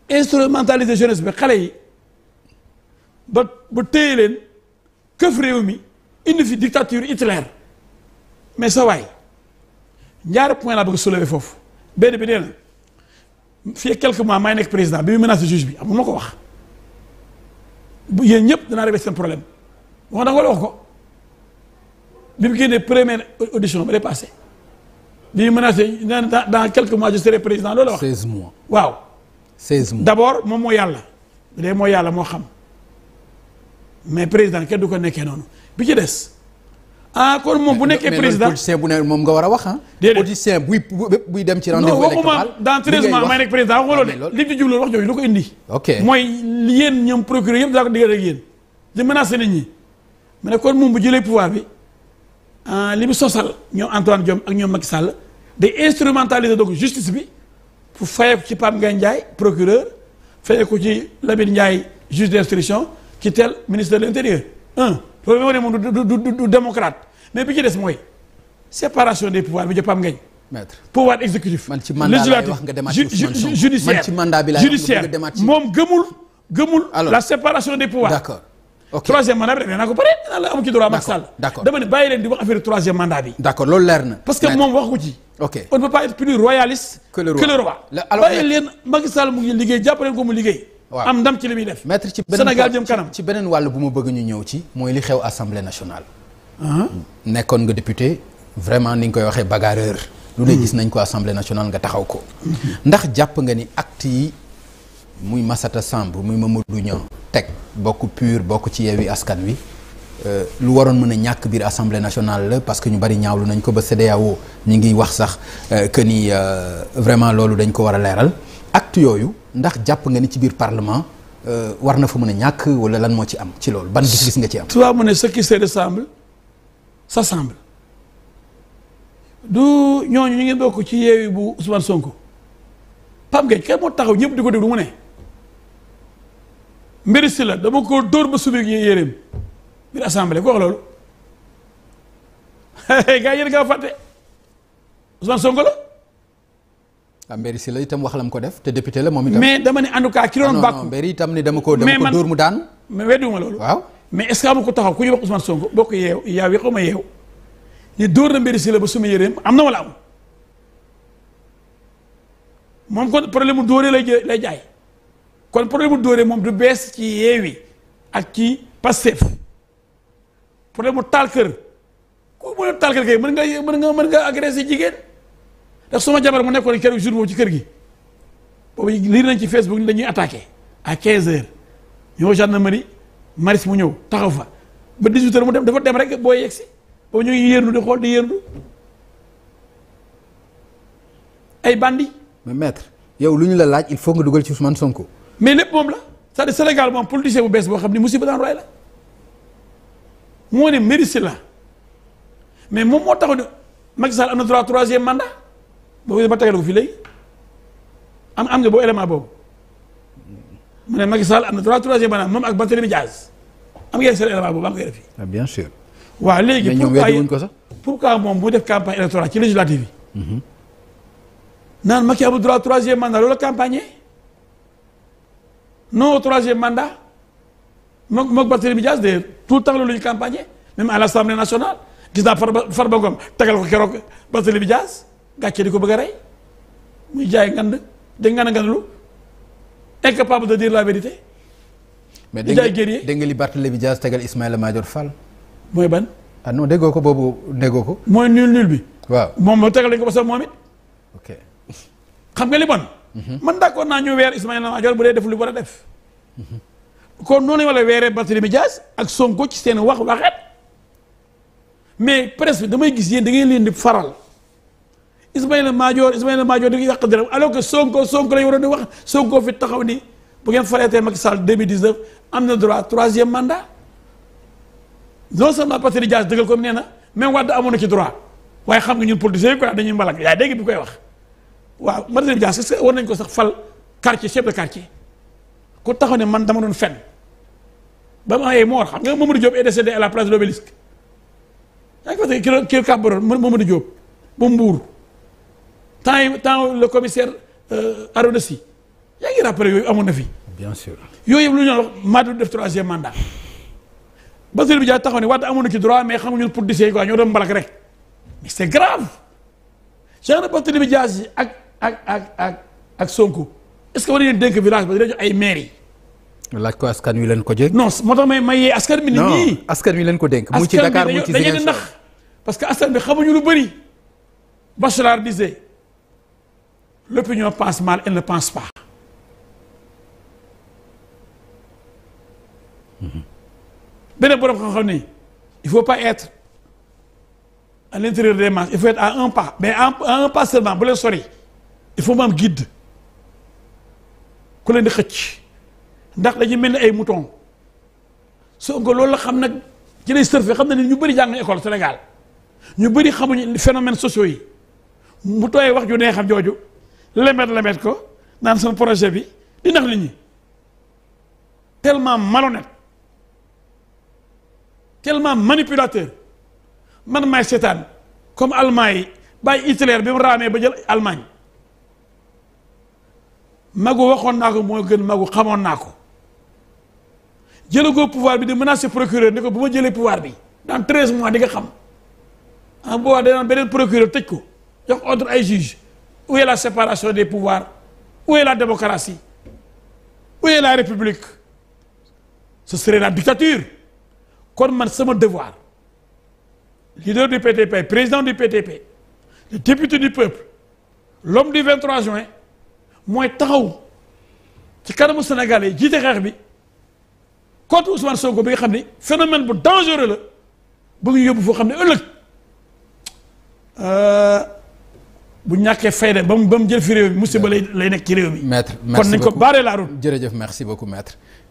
instrumentaliser jeunesse bi xale yi ba ba téye leen këf réew mi indi fi dictature Hitler mais sa waay ñaari point laa bëgg soulever foofu benn bi nee na fii quelques mois may nekk président bi mu menacé juge bi amul ma ko wax bu yéen ñëpp danaa seen problème wax na wala wax ko bi mu génnee première audition ba day passé bii menacé dans quelques mois je serai président loolu wax. 16 waaw. 16 d' abord moom moo yàlla. léegi moo yàlla moo xam mais président kenn du ko nekkee noonu bi ci des. ah kon moom bu nekkee président politicien bu ne moom nga war a wax ah. déedéet politicien buy buy dem ci rendez-vous électoral dans treize mois may nekk président waxuloo de li ci jublu wax jooju lu ko indi. ok mooy yéen ñoom procureur yëpp daa ko digal ñi. mu ne kon moom bu jëlee pouvoir bi ah, li mu sosal ñoom Antoine Diome ak ñoom Macky Sall day instrumentaliser donc justice bi pour fayee ko ci Pape Ngagne Ndiaye procureur fayee ko ci Lamine Ndiaye juge d'instruction ci tel ministre de l'intérieur un loolu moo ne moom du du démocrate mais bi ci des mooy séparation des pouvoirs bi ci Pape Ngagne maître pouvoir exécutif. man ci mandat bi laay demaat judiciaire moom gëmul gëmul. la séparation des pouvoirs d'accord. troisième mandat bi def nee naa ko pare naa la amu ci droit Macky Sall dama ne bàyyi leen di wax affaire troisième mandat bi d'accord loolu leer na parce que moom waxu ci ok on ne peut pas être plus royaliste leen Macky mu ngi liggéey jàppaleen ko mu liggéey am ndam ci li muy def maître ci beneen Sénégal jëm kanam ci wàll bu ma bëgg ñu ñëw ci mooy li xew assemblée nationale ah. nekkoon nga député vraiment ni nga koy waxee bagarreur lu lay hmm. gis nañ ko assemblée nationale nga taxaw ko hmm. ndax jàpp nga ni acte yi muy Massata Samb muy Mamadou Niang teg bokk pur bokk ci Yewwi Askan Wi euh, lu waroon mën a ñàkk biir assemblée nationale la parce que ñu bari ñaawlu nañ ko ba CEDEAO ñu ngi wax sax euh, que ni euh, vraiment loolu dañ ko war a leeral acte yooyu ndax jàpp nga ni ci biir parlement war na fa mën a ñàkk wala lan moo ci am ci loolu ban gis-gis nga ci am. tu vois mu ne ce qui se ressemble semble du ñooñu ñu ngi bokk ci Yewwi bu Ousmane Sonko Pape Gueye kenn moo taxaw ñëpp di ko déglu mu ne. mbiri si la dama ko dóor ba subi ñuy yéreem biir assemblée ko wax loolu gaa yéen ngaa fàtte Ousmane Sonko la. ah si la itam wax la mu ko def te député la moom itam. mais dama ne en tout cas ki doon ah, bàkku. non non Mbéri itam mu daanu. mais weddiwuma loolu. mais est ce ko taxaw ku ñu wax Ousmane Sonko boo ko yeew yaa wi yeew ni dóor na Mbéri si la ba suma yéreem am na wala am moom kon problème mu dóoree lay lay jaay. kon problème mu dóore moom du bees ci yeewi ak ci Pastef problème mu taal kër ku mën a taal kër kay mën nga mën nga mën nga agressé jigéen ndax suma jabar mu nekkoon keroog jour boobu ci kër gi boobu liir nañ ci Facebook ni dañuy attaqué à 15 heures ñoo gendarmerie maris mu ñëw taxaw fa ba 18 heures mu dem dafa dem rek boo yegsi boobu ñu ngi yéerndu di xool di yéerndu ay bandi mais maître yow lu ñu la laaj il faut nga dugal ci Ousmane Sonko. mais lépp moom la cest à Sénégal moom politicien bu bees boo xam ne musiba daan roy la moo ne mérite la mais moom moo taxoon ne Macky Sall am na droit troisième mandat boobu ba tegal ko am am nga boobu élément boobu mu ne Macky Sall am na droit troisième mandat moom ak Barthélémy Dias am ngeen seen élément boobu am nga yore fii. Ah, bien léegi pourquoi ñoom ko sax. pourquoi moom bu def campagne électorale ci législative yi. Mhm. naan Macky amul droit troisième mandat loolu campagne non au troisième mandat moom moom Barthélémy Dias de tout le temps loolu ñu campagner même à l' assemblée nationale gis naa ba Farba Ngom tegal ko keroog Barthélémy Dias gàcce di ko bëgg a rey muy jaay ngand de ngan a nganalu incapable de dire la vérité. mais dégg nga li Barthélémy Dias tegal Ismaïla Madior Fall. mooy ban. ah non déggoo ko boobu déggoo ko. mooy nul nul bi. waaw moom moo tegal lañ ko ba sax moom it. xam nga li bon. Mm-hmm. man d'accord naa ñu weer Ismaïla Madior bu dee def lu war a def. Mm-hmm. kon noonu la wala weeree Barthélémy Dias ak Sonko ci seen wax waxet mais presse bi damay gis yéen da ngeen leen di faral Ismaïla Madior Ismaïla Madior di nga yàq dara alors que Sonko sonk la ñu waroon di wax Sonko fi taxaw ni bu ngeen fareetee Macky Sall 2019 am na droit troisième mandat non seulement Barthélémy Dias dëggal ko nee na mais Wade amoon na ci droit waaye xam nga ñun politiciens dañuy mbalak yaa dégg bi koy wax. waaw Madeleine Dias est-ce que war nañ ko sax fal quartier chef de quartier ku taxaw ne man dama doon fen ba ma ay moor xam nga Mamadou Diop est décédé à la place de l'obélisque yaa ngi fàttali kilo kilo kàbbaroon Mamadou Diop ba Mbour temps yi temps le commissaire euh, Aronesi yaa ngi rappelé yooyu amoon na fi. bien yooyu lu ñu wax def troisième mandat Bassirou Dia taxaw ne Wade amoon na ci droit pour disee quoi ñoo doon mbalak rek mais c'est grave ak. ak ak ak ak Sonko est-ce que war nañu dénk village ba dina jox ay maires yi. laaj ko askan wi leen ko jëg. non moo tax may mayee askan bi. nit ñi askan wi leen ko dénk. mu ci Dakar mu ci Ziguinchor nax parce que askan bi xamuñu lu bëri. Bachelard disait l'opinion pense mal et ne pense pas. Mhm. beneen borom xam-xam ni il faut pas être à l'intérieur des masses il faut être à un pas mais à un pas seulement bu leen sori. il faut mu am ku leen di xëcc ndax dañuy mel ni ay mouton Sonko loolu la xam nag ci lay surfe xam na ne ñu bëri jàng école Sénégal ñu bëri xamuñu phénomène sociaux yi mu tooyee wax ju neexam jooju lemet lemet ko naan seen projet bi di nax nit ñi tellement malhonnête tellement manipulateur man maay seetaan comme Allemagne yi bàyyi Hitler bi mu raamee ba jël Allemagne magu waxoon naa ko moo gën magu xamoon naa ko jëlagoo pouvoir bi di menacer procureur ne ko bu ma jëlee pouvoir bi dans treize mois di nga xam en boobaa danaan beneen procureur tëj ko jox ordre ay juge où la séparation des pouvoirs où la démocratie où la république ce serait la dictature kon man sama devoir leader du PTP président du PTP le député du peuple l'homme du juin mooy taxaw ci kanamu Sénégal yi jiite xeex bi contre Ousmane Sonko bi nga xam ni phénomène bu dangereux la bëgg ñu yóbbu foo xam ne ëllëg euh, bu ñàkkee fayda ba mu ba jël fi réew mi musiba lay lay nekk ci réew mi. maître kon nañ ko baaree la route. jërëjëf merci beaucoup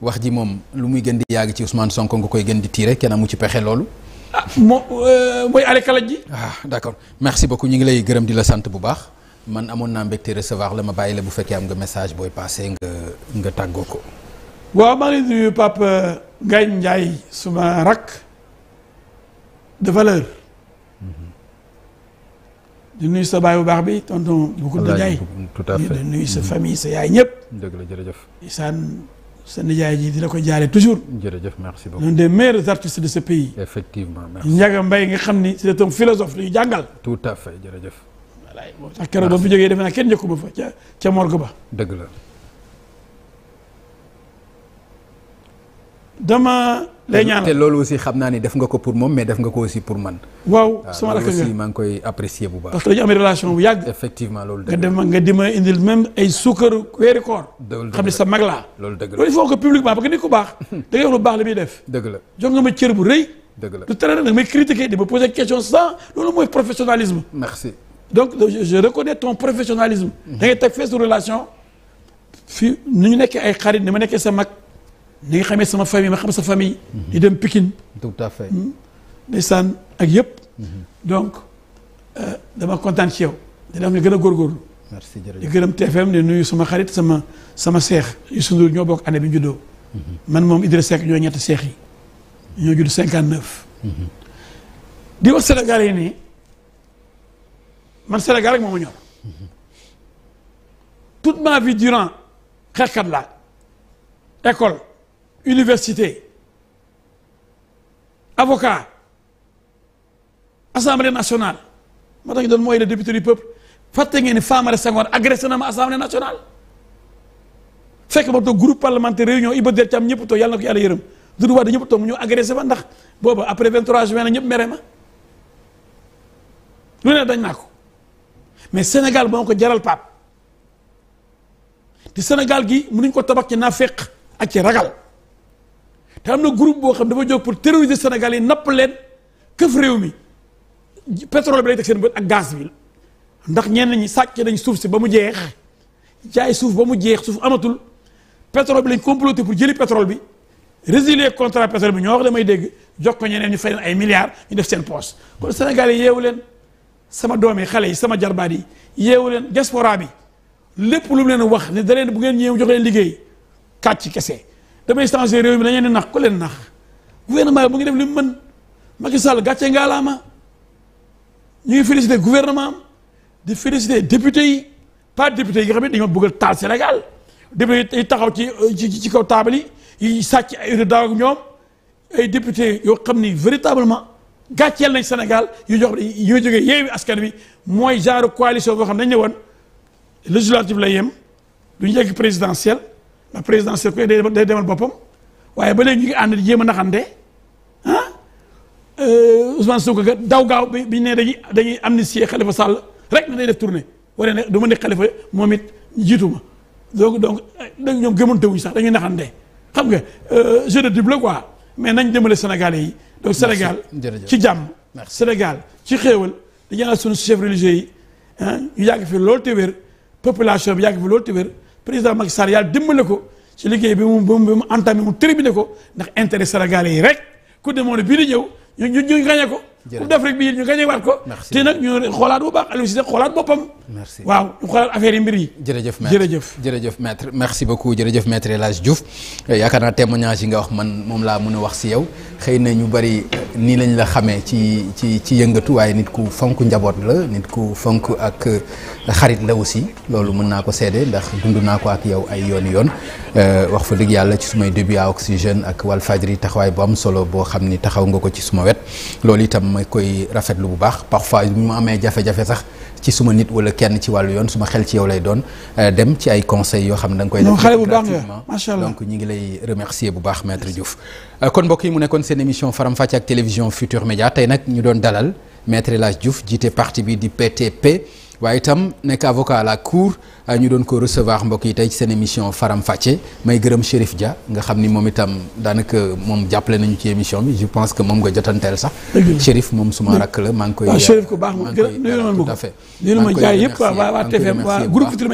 wax ji moom lu muy gën di yàgg ci Ousmane Sonko nga koy gën di tiire kenn amu ci pexe loolu. ah euh, mooy alekala ji. ah d'accord merci beaucoup ñu ngi lay gërëm di la sant bu baax. man amoon naa mbégte recevoir la ma bàyyi la bu fekkee am nga message booy passé nga nga tàggoo ko. waaw maa ngi nuyu Pape euh, Ngagne Ndiaye suma rakk de valeur. Mm-hmm. di nuyu sa baay bu baax bi tonton Boukounta Ndiaye tout à fait di nuyu sa mm-hmm. famille ñëpp. dëgg la jërëjëf. isaan sa nijaay ji di la ko toujours. jërëjëf merci beaucoup l'un des meilleurs artistes de ce pays. effectivement merci Ndiaga Mbaye nga xam ni c'est un philosophe dañu jàngal. tout à fait jërëjëf. ndax keroog ba fi jógee defe naa kenn njëkku ba fa ca morgue ba dëgg la dama lay ñaanal te loolu aussi xam naa ni def nga ko pour moom mais def nga ko aussi pour man waaw ah, sama rakk nga maa ngi koy apprécier bu baax parce que dañu bu yàgg effectivement loolu dëgg nga dem nga di ma indil même ay sukkaru weeri koor xam ne sa mag laa loolu dëgg la loolu il faut que publiquement parce que nit ku baax da ngay wax lu baax li muy def dëgg la jox nga ma cër bu rëy dëgg la du tere nag may critiquer di ma poser question sans loolu mooy professionnalisme donc je reconnais ton professionnalisme. da ngay teg feesu relation. fii ni ñu nekkee ay xarit ni ma nekkee sa mag. ni nga xamee sama famille ma xam sa famille. di dem Pikine. tout à fait. Hmm? ndeysaan ak yëpp. donc euh, dama kontaan ci yow. di am ñu gën a góorgóorlu. merci jërëjëf di gërëm TFM di nuyu suma xarit sama sama seex Youssou Ndour ñoo bokk année bi ñu juddoo. Mhm. man moom Idrissa Seck ñoo ñetti seex yi. ñoo judd 59. Mhm. di wax Sénégalais yi nii. man Sénégal rek moo ma ñor toute ma vie durant xeexkat laa école université avocat assemblée national moo tax ñu doon mooy le député du peuple fàtte ngeen ni Famara Senghor na ma assemblée nationale fekk ma toog groupe parlementaire réunion Iba Der Thiam ñëpp toog yàlla na ko yàlla yërëm Doudou Wade ñëpp toog mu ñëw agressé ma ndax booba après 23 juin la ñëpp mere ma lu ne dañ naa ko mais Sénégal moo ko jaral paat te Sénégal gi nuñ ko tabax ci naafeq ak ci ragal te am na group boo xam dafa jóg pour terroriser Sénégal yi napp leen këf réew mi pétrole bi lay teg seen bët ak gaz bi ndax ñenn ñi sàcc nañ suuf si ba mu jeex jaay suuf ba mu jeex suuf amatul pétrole bi lañ comploté pour jëli pétrole bi résilier contrat pétrole bi ñoo wax damay dégg jox ko ñeneen ñu fay leen ay milliards ñu def seen poche kon Sénégal yi yeewu sama doom yi xale yi sama jarbaat yi yeewu leen diaspora bi lépp lu mu leen wax ne da leen bu ngeen ñëw jox leen liggéey kàcc kese damay changer réew mi dañu leen nax ku leen nax gouvernement bi mu ngi def li mu mën Macky Sall gàcce ngaalaama ñu ngi félicité gouvernement di félicité député yi pas député yi nga xam ne dañoo bëgg taal Sénégal député yi taxaw ci euh, ci ci kaw taabal yi yi sàcc ay daaw ak ñoom ay député yoo xam ni véritablement. gàcceel nañ Sénégal yu jox yu jógee Yewwi Askan Wi mooy genre coalition boo xam ne dañ ne woon législative lay yem duñu yegg présidentielle la présidentielle koy day demal boppam waaye ba léegi ñu ngi ànd di jéem a naxante ah euh, Ousmane Sonko ga daw gaaw bi biñ ne dañuy dañuy amnistier Khalifa Sall rek na day def tournée waree ne du ma nekk Khalifa moom it jiitu ma donc donc euh, ñoom gëmante wuñ sax dañuy naxante xam nga euh, jeu de double quoi mais nañ demale sénégal yi Sénégal ci jàmm Sénégal ci xéewal di ñaanal suñu chef religieux yi ah, ñu yàgg fi loolu te wér population bi yàgg fi loolu te wér président Macky Sall yàlla dimbale ko ci liggéey bi mu bi mu mu terminé ko ndax intere sénégalais yi rek ku demoon bii di ñëw ñu ñu ñu gañe ko ku def rek bii ñu gañe waat ko te nag ñu xoolaat bu baax Aliou Cissé xoolaat boppam waaw ñu xoolaat affaire yi mbir yi jërëjëf maître jërëjëf jërëjëf maître merci beaucoup jërëjëf maître El Hadj Diouf euh, yaakaar naa témoignage yi nga wax man moom laa mën a wax si yow xëy na ñu bari nii lañ la xamee ci ci ci yëngatu waaye nit ku fonk njaboot la nit ku fonk ak euh, xarit la aussi loolu mën naa ko seede ndax dund naa ko ak yow ay yoon yoon euh, wax fa dëgg yàlla ci sumay début à oxygène ak Walfadjri taxawaay bu am solo boo xam ni taxaw nga ko ci suma wet dama koy rafetlu bu baax parfois bu mu amee jafe-jafe sax ci suma nit wala kenn ci wàllu yoon suma xel ci yow lay doon euh, dem ci ay conseils yoo xam ne da koy def xale bu baax nga macha donc ñi ngi lay remercier bu baax maître Diouf euh, kon mbokk yi mu nekkoon seen émission Faram Facce ak télévision Futur Média tey nag ñu doon dalal maître El Hadj Diouf jiite parti bi di PTP waaye itam nekk avocat à la cour Euh, ñu doon ko recevoir mbokk yi tey ci seen émission Faram may gërëm Chérif Dia nga xam ni moom itam daanaka moom jàppale nañu ci émission bi je pense que moom nga jotanteel sax. Chérif moom suma rakk la maa ngi koy. waaw ah, Chérif baax ma gërëm nuyu na ma ko nuyu na ma jaay yëpp waa waa TFM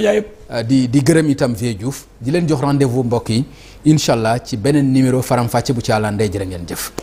yëpp. Euh, di di gërëm itam Vieux Diouf di leen jox rendez-vous mbokk yi incha allah ci beneen numéro Faram Facce bu ci àllandee jërë ngeen jëf.